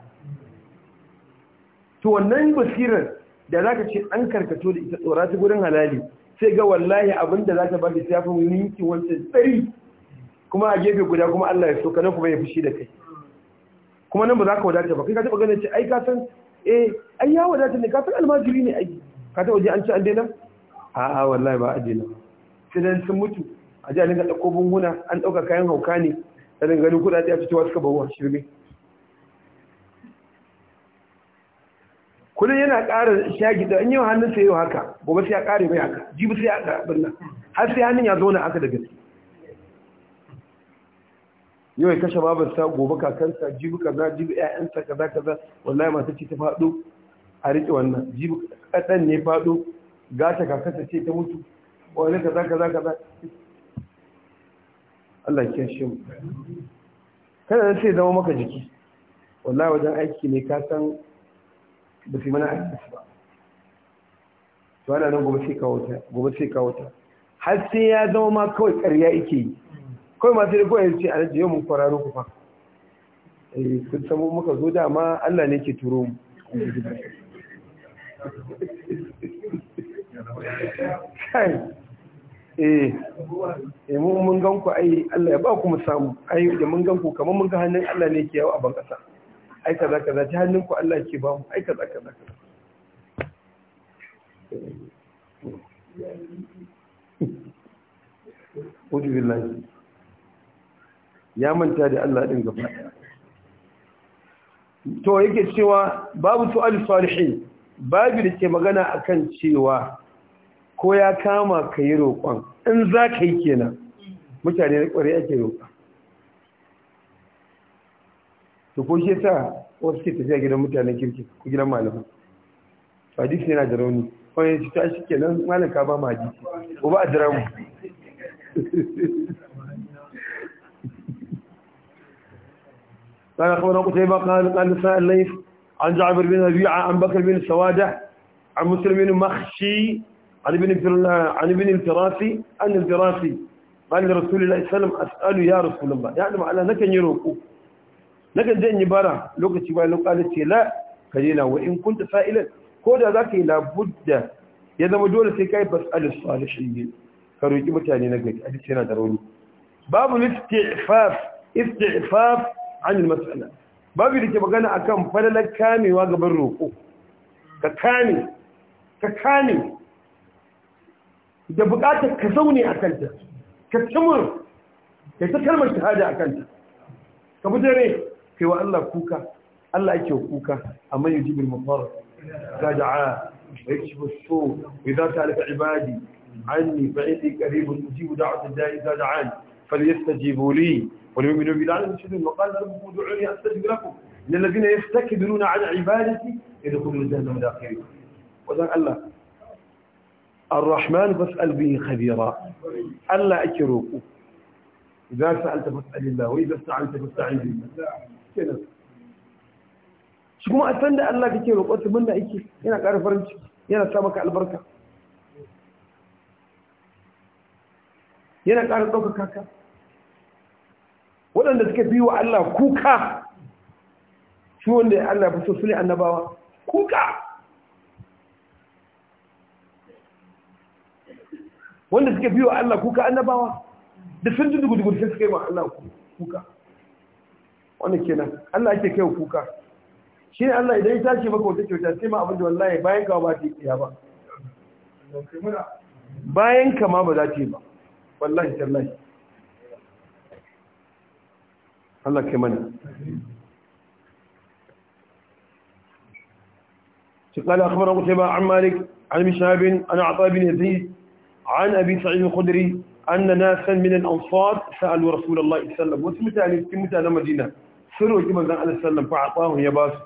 to wannan basirar da za ka ce an karkato da ita tsora ta gurin halali sai ga wallahi abin da ta ba siyafin wani ninki wancan tsari kuma a gefe guda kuma Allah ya so kana kuma ya fushi da kai kuma nan ba za ka wadata ba kai ka taba ganin ce ai ka san eh ai ya wadata ne ka san almajiri ne ai ka taba ji an ci an daina a a wallahi ba a daina sai dan sun mutu a ji a dinga dauko bunguna an dauka kayan hauka ne da ganin kuɗaɗe a fitowa suka bawa shirme kullum yana ƙara shagi da in yi hannun sai yau haka gobe sai ya ƙare mai haka jibi sai ya ɗa nan. har sai hannun ya zauna aka da gaske yau ya kashe sa gobe kakansa jibi kaza jibi ƴaƴansa kaza kaza wallahi masu ce ta faɗo a riƙe wannan jibi ɗan ne faɗo gata kakansa ce ta mutu wani kaza kaza kaza Allah ya kiyashe mu kada sai zama maka jiki wallahi wajen aiki ne ka san ba su mana aiki ba to ana nan gobe sai kawo ta gobe sai kawo ta har sai ya zama ma kawai ƙarya yake yi kawai ma sai kawai ce a yau mun kwararo ku fa eh kun san mu muka zo dama Allah ne ke turo mu eh, eh mun mun gan ku ai Allah ya ba ku mu samu ai da mun gan ku kamar mun ga hannun Allah ne ke yawo a ban kasa ai kaza kaza ta hannun ku Allah ke ba mu ai kaza kaza ya manta da Allah ɗin gaba to yake cewa babu su'al salihin babu da ke magana akan cewa ko ya kama ka yi roƙon in za ka yi kenan mutane da ƙwarai ake roƙon to ko shi yasa wasu ke tafiya gidan mutanen kirki ko gidan malaman to hadisi yana da rauni ci kenan malam ka ba mu hadisi ko ba a mu قال أخبرنا قتيبة قال قال نساء الليث عن جعفر بن ربيعة عن بكر بن سوادة عن مسلم بن مخشي عن ابن عن ابن الفراسي عن الفراسي قال لرسول الله صلى الله عليه وسلم اسالوا يا رسول الله يعني على نكن يروقوا na ganjen yi bara lokaci bayan lokacin ce la ka daina wa in kunta sa'ilan ko da za ka yi labudda ya zama dole sai ka yi fasalin salishin ne ka roƙi mutane na gari a hadisi yana da rauni babu istifaf istifaf an mas'ala babu da ke magana akan falalar kamewa gaban roƙo ka kame ka kame da buƙatar ka zaune a kanta ka cimur da ta kalmar shahada a kanta ka bi dare kai wa كوكا kuka Allah كوكا أما يجيب yujibul mutar da ويكشف السوء وإذا سألك عبادي عني فإني قريب أجيب دعوة الداعي إذا دعاني فليستجيبوا لي وليؤمنوا بي لعلهم يرشدون وقال ربكم ادعوني أستجيب لكم إن الذين يستكبرون على عبادتي يدخلون جهنم داخلين وذلك الله الرحمن فاسأل به خبيرا ألا أكروك إذا سألت فاسأل الله وإذا استعنت فاستعن بالله kenan shi kuma a san da Allah kake roƙon ta murna yake yana ƙara farin ciki yana sa maka albarka yana ƙara ɗaukaka kaka. waɗanda suka fi wa Allah kuka shi wanda Allah fi so su ne annabawa kuka wanda suka fi wa Allah kuka annabawa da sun ji dugudugudu sai suka yi wa Allah kuka Wani kenan Allah ake kai kuka shi ne Allah idan ya tashi maka wata kyauta sai ma abin da wallahi bayan ka ba ta iya ba bayan ka ma ba za ta yi ba wallahi tallahi Allah kai mana قال أخبر قتيبة عن مالك عن مشهاب عن an بن يزيد عن أبي سعيد الخدري أن ناسا من الأنصار سألوا رسول الله صلى الله عليه وسلم وسمت عليه في sun roƙi manzan Allah sallam fa aqahum ya basu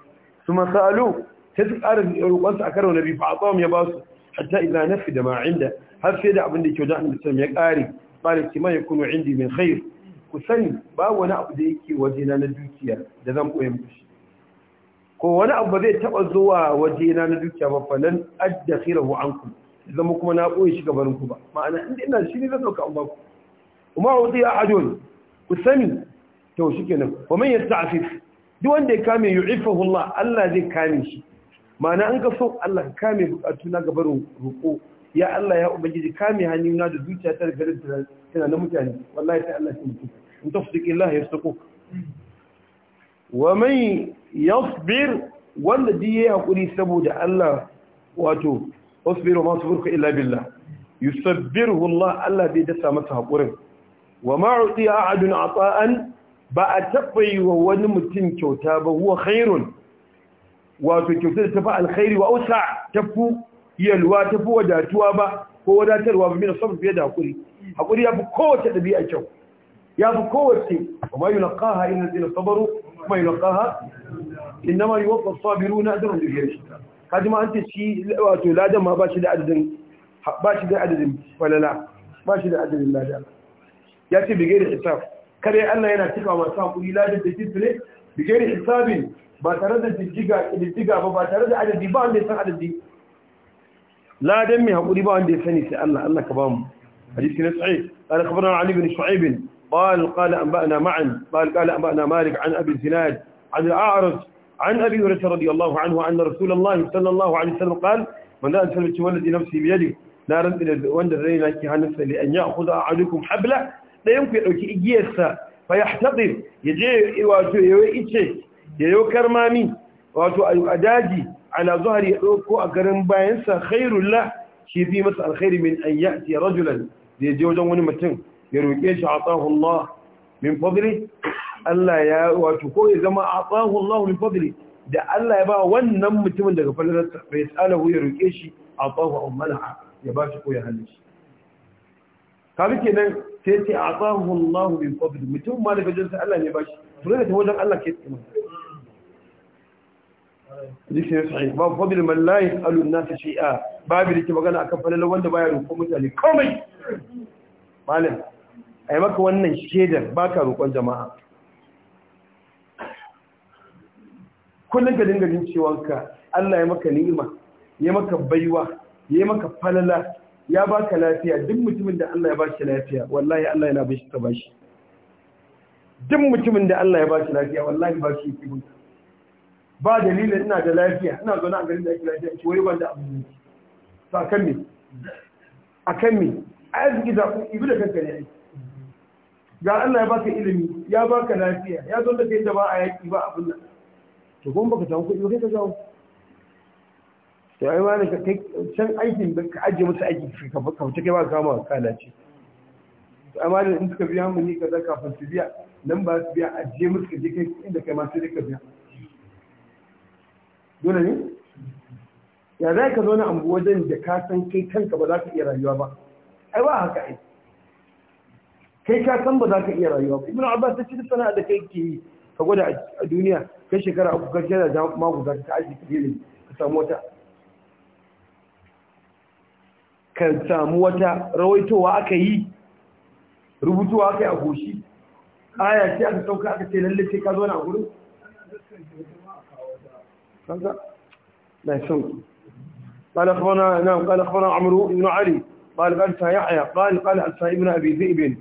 kuma salu ta duk arin roƙon sa a karo nabi fa aqahum ya basu hatta na fi da ma inda har sai da abin da ke wajen Annabi sallam ya ƙari qala kima yakunu indi min khair ku sani ba wani abu da yake wajena na dukiya da zan koya muku shi ko wani abu zai taɓa zuwa wajena na dukiya ba falan addakhirahu ankum zama kuma na koyi shi gabarin ku ba ma'ana inda ina shi ne zan dauka an ba ku kuma wadi ahadun ku sani to shi kenan wa man yasta'fif duk wanda ya kame yu'ifahu Allah Allah zai kame shi Mana an ka so Allah ka kame bukatuna ga barin roƙo ya Allah ya ubangiji kame hannuna da zuciya ta daga tana na mutane wallahi sai Allah shi in tafsiki Allah ya yasquk wa man yasbir wanda diye hakuri saboda Allah wato wasbiru ma saburka illa billah yusabbiruhu Allah Allah bai dasa masa hakurin wa ma uti ahadun ata'an ba a taɓa yi wa wani mutum kyauta ba huwa khairun wato kyautar ta fi alkhairi wa ausa ta fi yalwa ta fi wadatuwa ba ko wadatarwa ba mina saman fiye da hakuri hakuri ya fi kowace ɗabi'a kyau ya fi kowace kuma yi naƙaha ina zina sabaru kuma yi naƙaha inna ma yi wasu sabiru na adirin da biyar shi kaji ma an ce shi wato ladan ma ba shi da adadin ba shi da adadin falala ba shi da adadin lada ya ce bigai da isaf kare Allah yana cika masu hakuri ladin da tisire bi gairi hisabin ba tare da jijjiga jijjiga ba ba tare da adadi ba wanda ya san adadi ladan mai hakuri ba wanda ya sani sai Allah Allah ka ba mu قال خبرنا علي بن شعيب قال قال أنبأنا معا قال قال أنبأنا مالك عن أبي الزناد عن الأعرج عن أبي هريرة رضي الله عنه أن رسول الله صلى الله عليه وسلم قال من لا أنسلمت والذي نفسي بيده رد إلى وند الرين لك نفسه لأن يأخذ أحدكم حبلة ɗayan ku ya ɗauki igiyarsa fa ya haɗaɗe ya je wato ya yi ice ya yi karmami wato a daji ala zuhari ya ɗauko a garin bayansa khairullah shi fi masa alkhairi min an ya ce rajulan da ya je wajen wani mutum ya roƙe shi a tsahullah min fadli Allah ya wato ko ya zama a tsahullah min fadli da Allah ya ba wannan mutumin daga falalarsa bai tsalahu ya roƙe shi a tsahu a ya ba shi ko ya hannu shi kafin kenan sai ce a tsahu Allah min fadl mutum ma daga jinsa Allah ne bashi to ne ta wajen Allah ke tsima hadisi sai ba babu fadl man la yasalu an-nas shay'a babu da ke magana akan falalar wanda baya roƙon mutane komai malam ai maka wannan shedar baka roƙon jama'a kullum ka dinga jin cewanka Allah ya maka ni'ima ya maka baiwa ya maka falala ya baka lafiya duk mutumin da Allah ya bashi lafiya wallahi Allah yana bashi ka bashi duk mutumin da Allah ya bashi lafiya wallahi ba shi yake bunka ba dalilin ina da lafiya ina zaune a garin da yake lafiya ci wai banda abu ne to akan me akan me arziki da ku ibi da kanka ne ga Allah ya baka ilimi ya baka lafiya ya zo da kai da ba a yaki ba abin nan to gon baka ta kuɗi ibi kai ka jawo to ai ma ka kai can aikin da ka ajiye musu aiki ka ka fita kai ba kama ka lalace to ma da in suka biya mu ni kaza kafin su biya nan ba su biya ajiye musu ka je kai inda kai ma sai ka biya dole ne ya za ka zo na ambu wajen da ka san kai kanka ba za ka iya rayuwa ba ai ba haka ai kai ka san ba za ka iya rayuwa ba ibnu abbas ta ce duk sana'a da kai ke yi ka gwada a duniya kai shekara uku karshe da maguza ka aji ka samu wata kan samu wata rawaitowa aka yi rubutuwa aka yi a goshi aya ce aka sauka aka ce lalle sai ka zo na gurin kaza la sauki قال اخونا نعم قال اخونا عمرو بن علي قال قال يحيى قال قال حدثنا ابن أبي ذئب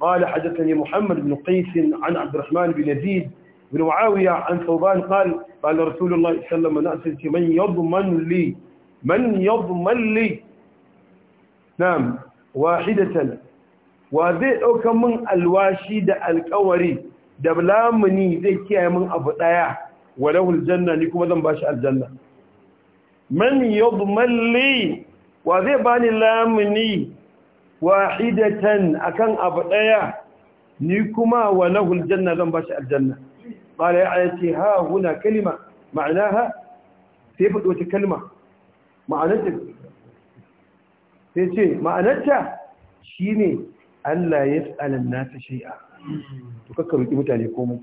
قال حدثني محمد بن قيس عن عبد الرحمن بن يزيد بن معاوية عن ثوبان قال قال رسول الله صلى الله عليه وسلم نعم، من يضمن لي من يضمن لي na'am wahidatan wa zai ɗaukan min alwashi da alƙawari da lamuni zai kiyaye min abu ɗaya wa lahul janna ni kuma zan bashi aljanna man yadman li wa bani lamuni wahidatan akan abu ɗaya ni kuma wa lahul janna zan bashi aljanna qala ya ayati ha huna kalima ta sai ce ma'anarta ne Allah ya tsanan nasa shi'a to kakka roƙi mutane komai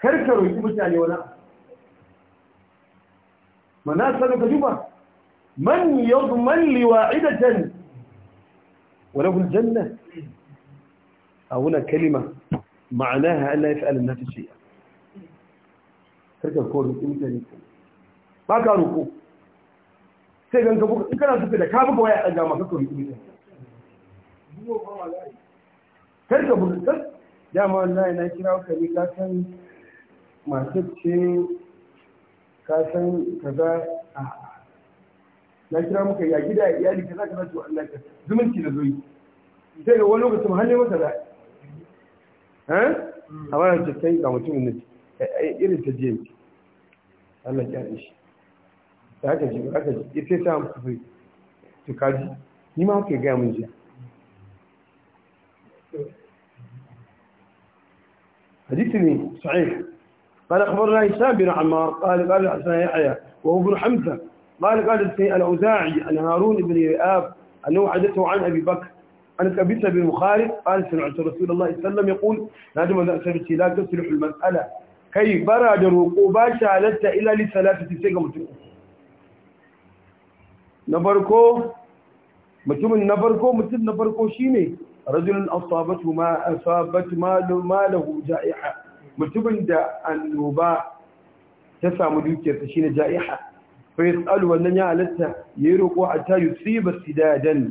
kar ka mutane wani mana sanu ka duba man yadman li wa'idatan Wani lahu nan? A wuna kalima ha Allah ya tsanan nasa shi'a kar ka mutane mutane ba ka roƙo. sai ganka buka in kana tafi da ka buka waya a gama kuri kuri kar ka buga kar dama wallahi na kira ka ne ka san masu ce ka san kaza a na kira muka ya gida ya iyali kaza kaza to Allah ka zumunci da zoyi sai ga wani lokacin halle masa da a wani cikin ga mutumin ne eh, eh, irin ta jiya Allah ya shi ji ji ita ta to kaji ni ma ga mun حديثني صحيح قال أخبرنا هشام بن عمار قال قال حسن يحيى وهو ابن حمزة قال قال الأوزاعي عن هارون بن رئاب أنه حدثه عن أبي بكر عن كبيسة بن مخالف قال سمعت رسول الله صلى الله عليه وسلم يقول نادم ذا سبتي لا تصلح المسألة كي برد الوقوبات شالت إلا لثلاثة سيقمة na farko mutumin na farko mutum na farko shine rajulun asabatu ma asabatu malu malahu ja'iha mutumin da annoba ta samu dukiyarsa shine ja'iha fa yasalu wannan ya halatta yayi roko a ta yusiba sidadan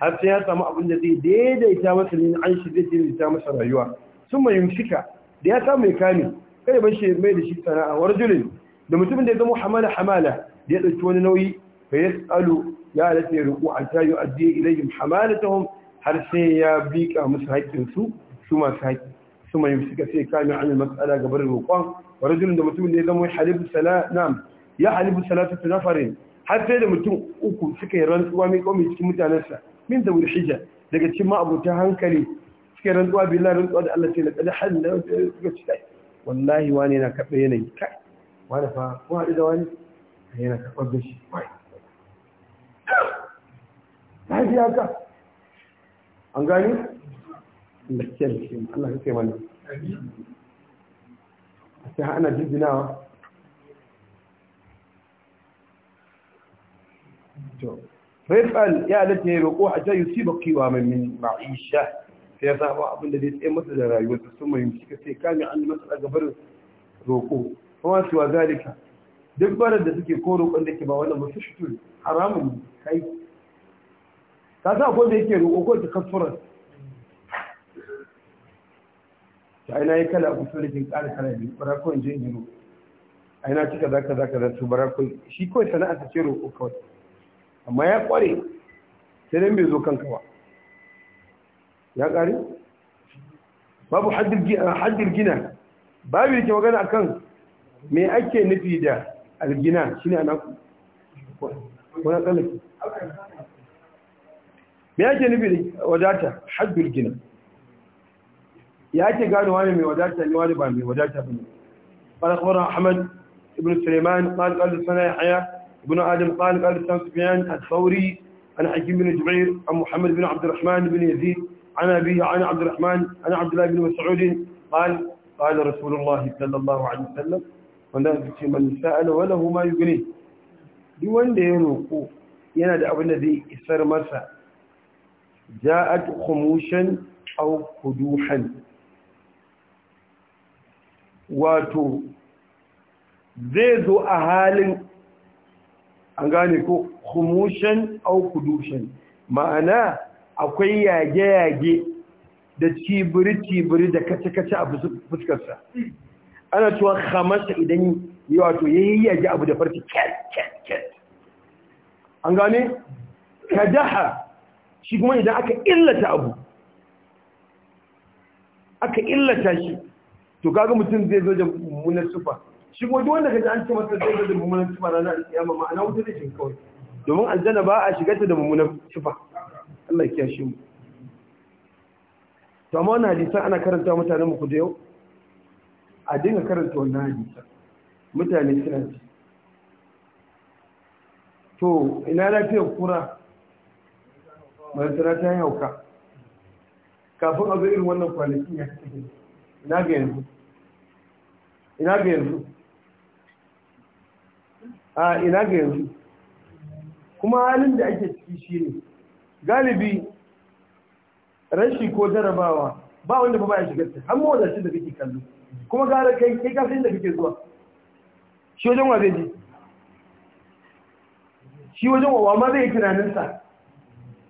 har sai ya samu abin da zai daidaita masa ne an shi zai daidaita masa rayuwa sun mai yumsika da ya samu ya kame kada ban shi mai da shi sana'a wa rajulun da mutumin da ya zama hamala hamala da ya dauki wani nauyi fayasalu ya lafi ruku a ta yi addini ilayin hamalatahun har ya bika musu haƙƙinsu su masu haƙƙi su mai suka sai kami a mai matsala ga barin rukon warajinin da mutum ne zama halibu salam ya halibu salatu ta nafari har sai da mutum uku suka yi rantsuwa mai kome cikin mutanensa min da wuri shija daga cikin ma'abuta hankali suka yi rantsuwa billah rantsuwa da allah sai na ƙada hannun da suka ci wallahi wani yana kaɓe yanayi kai wani kuma a ɗaza wani yana kaɓar da na biya ka an gani lakiyar shi Allah ka mana sai ana jijinawa to rifal ya halatta ya roƙo a ta yusiba kiwa mai min ma'isha sai ya zaba abin da zai tsaye masa da rayuwar ta sun mahimci ka sai kame an masa a gabar roƙo kuma su wa zalika duk barar da suke ko roƙon da ke ba wannan musu shi haramun ne kai ka sa ko yake roƙo ta kafuran ta aina yi kala abu sun rikin ƙari kala biyu barakon je in aina cika za ka za ka za su barakon shi kawai sana'a ta ce roƙo kawai amma ya ƙware sai dai bai zo kanka ba ya ƙare babu haddir gina babu yake magana akan me ake nufi da algina shine ana wani tsallake me yake nufi حد wadata haddul gina ya ke gano wani mai wadata ne wani قال أخبرنا أحمد بن سليمان قال قال لسنا يحيى بن آدم قال قال لسنا سفيان الثوري انا حكيم بن جبير عن محمد بن عبد الرحمن بن يزيد عن ابي عن عبد الرحمن عن عبد الله بن مسعود قال قال رسول الله صلى الله عليه وسلم من سأل وله ما يغنيه duk wanda ya yana da abin da zai isar masa ja'at khumushan aw kuduhan wato zai zo a halin an gane ko khumushan aw kudushan ma'ana akwai yage-yage da cibiri-cibiri da kace-kace a fuskarsa ana cewa khamasa idan yi wato yayi yage abu da farci kyat an gane daha shi kuma idan aka illata abu aka illata shi to kaga mutum zai zo da mummunar sufa shi kuma duk wanda kaji an ce masa zai zo da mummunar sufa ranar alƙiyama ma'ana wuta da shi kawai domin aljanna ba a shiga ta da mummunar sufa Allah ya kiyashe mu to amma wannan hadisan ana karanta mutanen mu ku da yau a dinga karanta wannan hadisan mutane suna ji to ina lafiyar kura tana ta yi hauka kafin a irin wannan kwanakin ya ina ga yanzu ina ga yanzu a ina ga yanzu kuma halin da ake ciki shi ne galibi rashi ko jarabawa ba wanda ba ba ya shiga ta har shi da kake kallo kuma gara kai kai kafin da kake zuwa shi wajen wa zai ji shi wajen wawa ma zai yi tunaninsa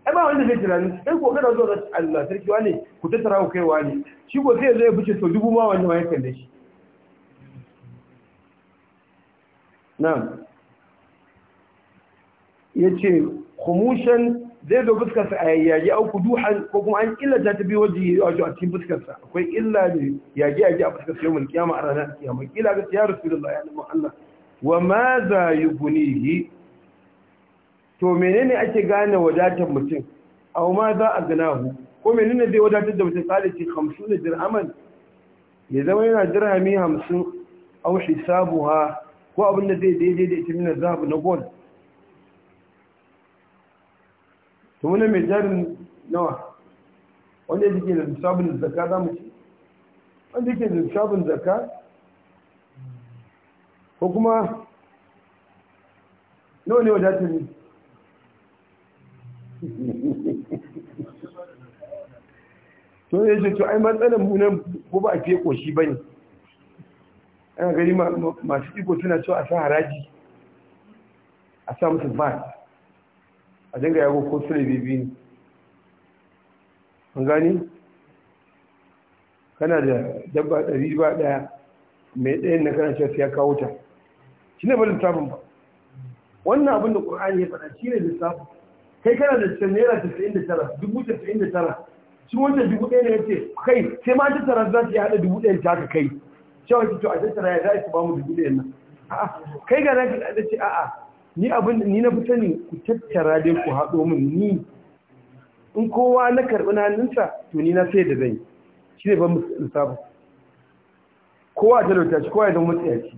ai ba wanda zai tunaninsa kai ko kada zuwa Allah sarki ne ku tattara ku kaiwa ne shi ko sai zai fice to dubu ma wanda ma ya kalle shi na'am yace khumushan zai zo fuskarsa a yayyage au duhan ko kuma an illa ta bi waje wato a cikin fuskarsa akwai illa ne yaji yaji a fuskarsa yau mulkiyama a ranar kiyama kila ga ya rasulullahi ya nemi Allah wa ma za yughnihi to menene ake gane wadatar mutum aw ma za a ganahu ko menene zai wadatar da mutum tsari ce 50 dirhaman ya zama yana dirhami 50 aw hisabuha ko abin da zai daidai da ita min zabu na gold to wani mai jarin nawa wanda yake da hisabun zakka za mu ci wanda yake da hisabun zakka ko kuma nawa ne wadatar mutum to ya ce to ai matsalar mu nan ko ba a fiye koshi ba ne ana gari masu iko suna so a sa haraji a sa musu ba a dinga yago ko su bibi ne an gani kana da dabba ɗari ba ɗaya mai ɗayan na kana cewa ya kawo ta shi ne ba littafin ba wannan abin da ƙur'ani ya faɗa shi ne littafin kai kana da cikin naira 99 da tara dubu tasa'in da tara wancan dubu ɗaya ne ya ce kai sai ma ta tara za su yi haɗa dubu ɗaya ta haka kai cewa ki to a ta tara ya za su ba mu dubu ɗaya nan kai ga naki da ce a'a ni abin ni na fita ne ku tattara dai ku haɗo min ni in kowa na karɓi na hannunsa to ni na sai da zai. shi ne ban lissafi kowa ta lauta shi kowa ya zama matsayaci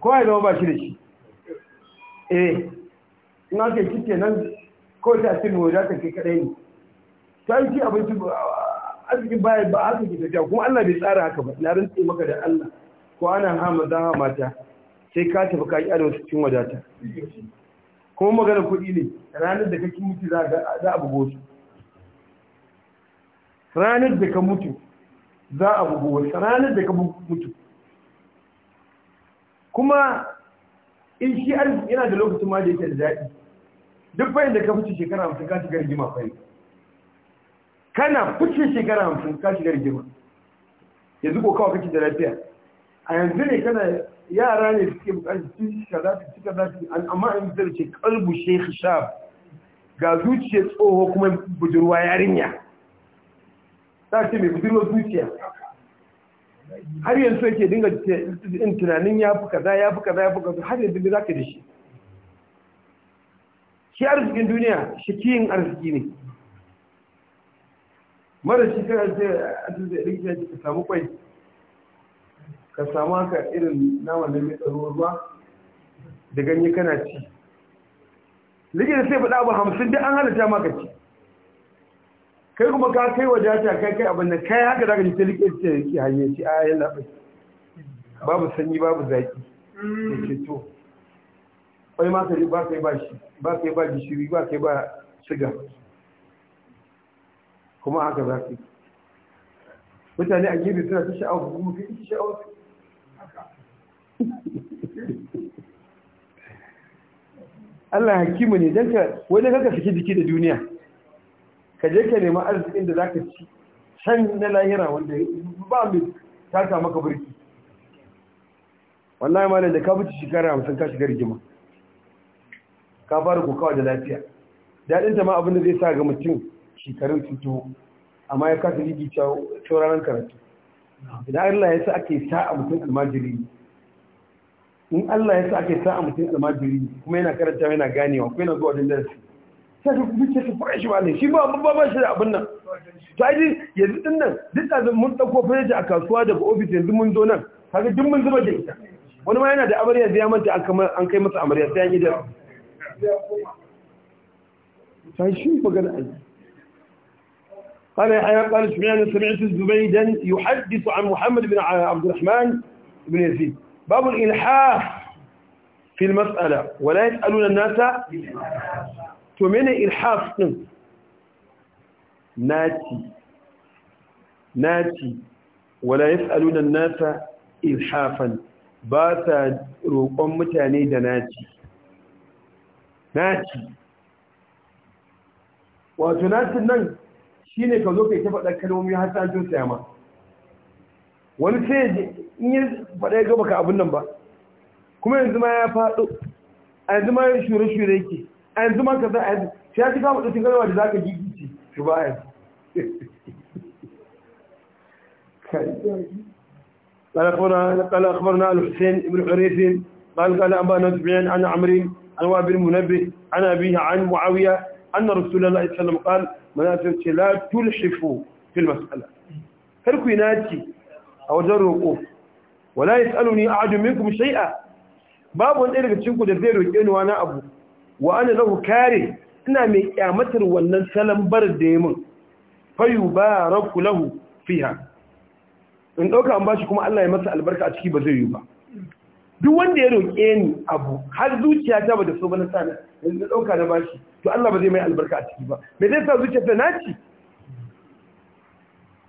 kowa ya zama ba shi da shi eh in aka yi kike nan ko ta ce mu wadatar kai kadai ne ta yi abinci arzikin baya ba haka ke tafiya kuma Allah bai tsara haka ba na ce maka da Allah ko ana hama za ha mata sai ka tafi ka yi adon cikin wadata kuma magana kuɗi ne ranar da kake mutu za a bugo su ranar da ka mutu za a bugo wasu ranar da ka mutu kuma in shi arziki yana da lokacin ma da yake da daɗi duk bayan da ka fice shekara hamsin ka shiga rigima fari kana fice shekara hamsin ka shiga rigima yanzu ko kawai kake da lafiya a yanzu ne kana yara ne da suke bukatar su kaza su cika za su amma an zai ce kalbu shekhi shaf ga zuciya tsoho kuma budurwa yarinya za ce mai budurwa zuciya har yanzu yake dinga tunanin ya fi kaza ya fi kaza ya fi kaza har yanzu ne za ka da shi shi arzikin duniya shi kiyin arziki ne mara shi kan sai arziki rikici ya ce ka samu kwai ka samu haka irin nama da mai tsaro ruwa da ganye kana ci likita sai faɗa ba hamsin dai an halatta maka ci kai kuma ka kai jata kai kai abin da kai haka za ka ji ta likita ce ya ke hanyar ci a yalla babu sanyi babu zaki da ce to wai ma ka ba kai ba shi ba kai ba gishiri ba kai ba shiga kuma haka za ka mutane a gefe suna ta sha'awar kuma fi ita sha'awar Allah hakimu ne don ka wani kaka saki jiki da duniya ka je ka nema arzikin da za ka ci can na lahira wanda ba mai taka maka burki wallahi malam da ka buci shekara hamsin ka shiga rigima ka da kokawa da lafiya daɗin ta ma abin da zai sa ga mutum shekarun fito amma ya kasa ligi sauraron karatu idan Allah ya sa ake sa a mutum almajiri in Allah ya sa ake sa a mutum almajiri kuma yana karanta yana ganewa ko yana zuwa darasi sai ku kuma ce su fara shi ba shi ba ba ba shi da abin nan to ai yanzu din nan duk da mun dauko fayaji a kasuwa daga ofis yanzu mun zo nan kaga duk mun zuba da ita wani ma yana da amarya zai manta an kai masa amarya sai an yi da فهيشوف بقى الآن قال يحيى قال سمعنا سمعت زبيدا يحدث عن محمد بن عبد الرحمن بن يزيد باب الإلحاح في المسألة ولا يسألون الناس تمنى إلحاف ناتي ناتي ولا يسألون الناس إلحافا باتا رقم متاني دناتي naci wato nacin nan shi ne ka zo ka yi ta faɗa kalmomi har ta jin sayama wani sai in yi faɗa ya gaba ka abin nan ba kuma yanzu ma ya faɗo a yanzu ma ya shure-shure yake a yanzu ma ka za a yanzu shi ya ci kama ɗaukin kalma da za ka gigice shi ba yanzu قال أخبرنا الحسين بن حريث قال قال أنبانا سبيان عن عمرو عن وهب المنبه عن أبيه عن معاوية أن رسول الله صلى الله عليه وسلم قال مناسبة لا تلحفوا في المسألة هل كناتي أو جر وقوف ولا يسألني أحد منكم شيئا باب وانئلك تشنكو دفير وجئن وانا أبو وأنا له كاره ina mai kyamatar wannan salon bar da ya min fayu ba raku lahu fiha in ɗauka an bashi kuma Allah ya masa albarka a ciki ba zai yi ba duk wanda ya roƙe ni abu har zuciya ta ba da so ba na sana yanzu na ɗauka na bashi to Allah ba zai mai albarka a ciki ba me zai sa zuciya ta naci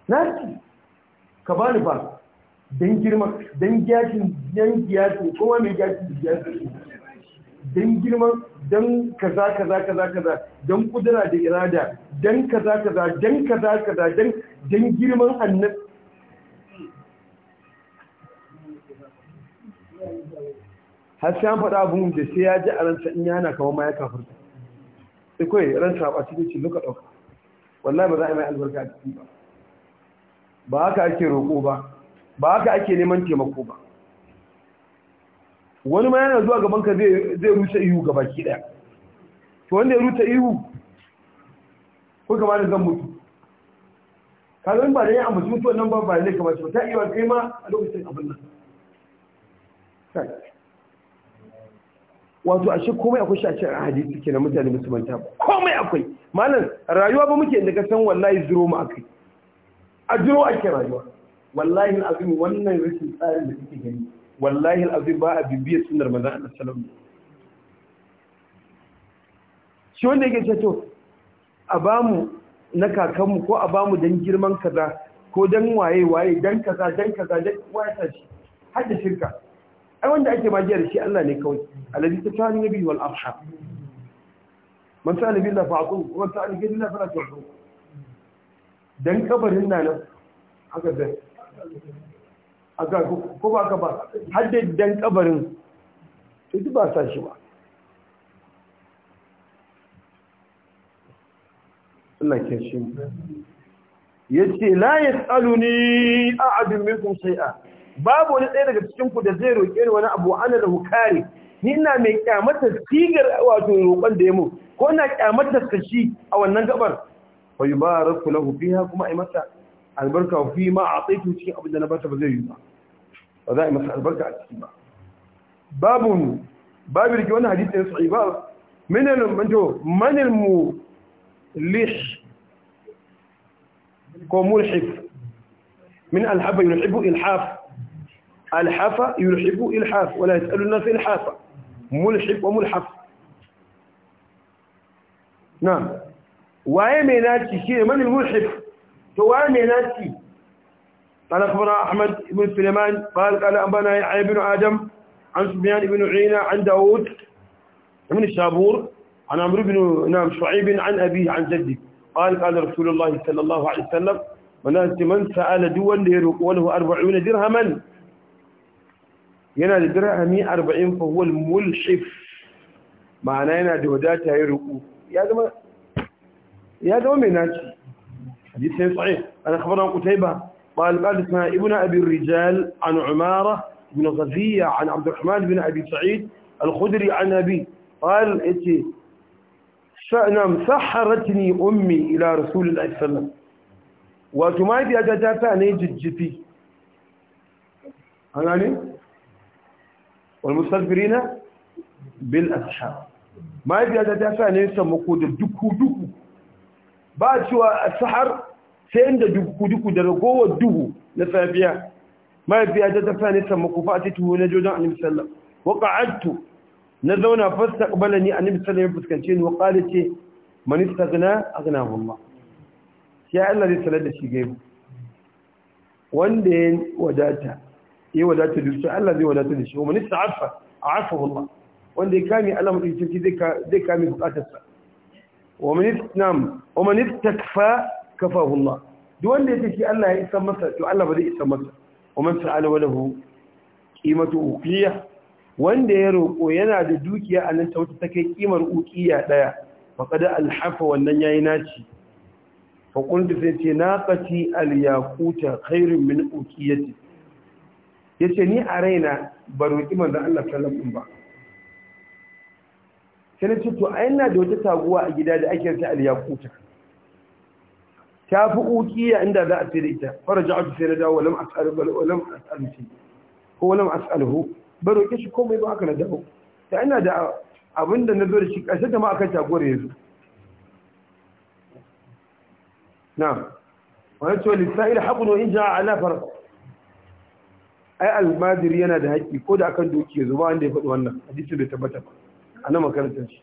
naci ka bani ba dan girma dan gashin dan gashin kowa mai gashin gashin dan girman dan kaza kaza kaza kaza dan kudura da irada dan kaza kaza dan kaza kaza dan dan girman annabi har sai an faɗa abin da sai ya ji a ransa in yana kama ma ya ta, sai kawai ransa a cikin cin luka ɗauka wallahi ba za a yi albarka a ciki ba ba haka ake roƙo ba ba haka ake neman taimako ba wani ma yana zuwa gaban ka zai rusa ihu ga baki ɗaya to wanda ya rusa ihu ko kama da zan mutu kazan ba da ya amince mutuwan nan ba ba ne kamar ta iya kai ma a lokacin abin nan wato ashe komai akwai shi a cikin hadisi kenan mutane musulmanta ba komai akwai malam rayuwa ba muke inda ka san wallahi zuro mu akai a zuro ake rayuwa wallahi alazim wannan rashin tsarin da kake gani wallahi alazim ba a bibiyar sunnar manzon Allah sallallahu alaihi wasallam shi wanda yake ce to a bamu na kakanmu ko a bamu dan girman kaza ko dan waye waye dan kaza dan kaza dan waye ta shi hadda shirka ai wanda ake magiya da shi Allah ne kawai alladhi tatani nabi wal arham man sa'ala billahi fa aqul man sa'ala billahi fala tu'tu dan kabarin nan haka da aka ko ba ka ba hadda dan kabarin to duk ba sa shi ba Allah ke shi yace la yasaluni a'adun minkum shay'a babu wani tsaye daga cikin ku da zai roƙe ni wani abu ana da hukari ni ina mai kyamata sigar wato roƙon da ya mu ko ina kyamata kashi a wannan gabar fa yubarak lahu fiha kuma ai mata albarka fi ma ataitu cikin abin da na bata ba zai yi ba ba za a yi masa albarka a ciki ba babu babu rike wannan hadisi ne sa'i ba minal manto manil mu lish ko mulhif min alhaba yulhibu ilhaf الحفا يلحف إلحاف ولا يسأل الناس إلحافا ملحف وملحف نعم وأميناتي شيء من الملحف تواميناتي قال أخبرنا أحمد بن سليمان قال قال أنبانا يحيى بن آدم عن سفيان بن عيينة عن داوود من الشابور عن عمرو بن نعم شعيب عن أبيه عن جده قال قال رسول الله صلى الله عليه وسلم من سأل دوا له أربعون درهما yana da dirhami 40 فهو الملحف معناه ma'ana yana da يا ya يا ya zama ya صحيح انا naci قتيبه قال قال اسمها ابن أبي الرجال عن عمارة بن غزية عن عبد الرحمن بن أبي سعيد الخدري عن أبي قال إتي نعم سحرتني أمي إلى رسول الله صلى الله عليه وسلم وتمايتي أتتاتا نيجي الجفي أنا ليه wal mustaghfirina bil ashab mahaifiyata ta sa ne sammako da duku-duku ba cewa a sahar sai inda duku-duku da ragowar duhu na safiya mahaifiyata ta sa ne sammako ba a tituhu na jojon annabi sallam waƙa'attu na zauna fasta ƙabala ni annabi sallam ya fuskance ni waƙali ce manista gina a gina hulma sai allah zai salar da shi gaibu wanda ya wadata ya wadata da su Allah zai wadata da shi wa man ista'afa a'afahu Allah wanda ya kame Allah mutum sarki zai kame bukatarsa wa man istnam wa man istakfa kafahu Allah duk wanda yake shi Allah ya isa masa to Allah ba zai isa masa wa man sa'ala wa lahu qimatu uqiya wanda ya roko yana da dukiya a nan ta wata take kimar uqiya daya faqad alhafa wannan yayi naci fa da sai ce naqati alyaquta khairun min uqiyati ya ce ni a raina ba roƙi manzan Allah sallafin ba sai na ce a yana da wata taguwa a gida da ake sa kuta. ta fi ukiya inda za a sai da ita fara ja'atu sai na dawo walam as'aluhu ko walam as'aluhu ba roƙe shi komai ba aka na dawo ta ina da abinda na zo da shi ƙarshe da ma akan taguwar yanzu na wani cewa lissa'il haƙun wa in ja'a ala farko ai almajiri yana da haƙƙi ko da akan doki ya zuba wanda ya faɗi wannan hadisi bai tabbata ba a nan makarantar shi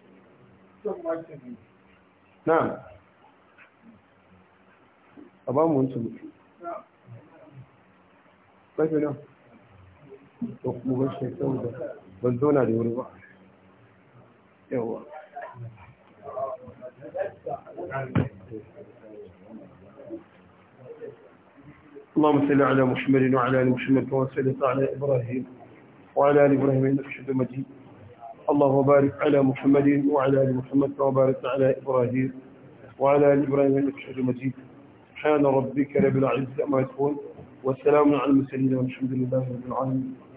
na a ba mu wani tsoro ƙarfe nan ko kuma ban shi da ban zauna da wuri ba yawa اللهم صل على محمد وعلى ال محمد كما صليت على ابراهيم وعلى ال ابراهيم انك حميد مجيد اللهم بارك على محمد وعلى ال محمد كما باركت على ابراهيم وعلى ال ابراهيم انك حميد مجيد سبحان ربك رب العزه عما يصفون والسلام على المرسلين والحمد لله رب العالمين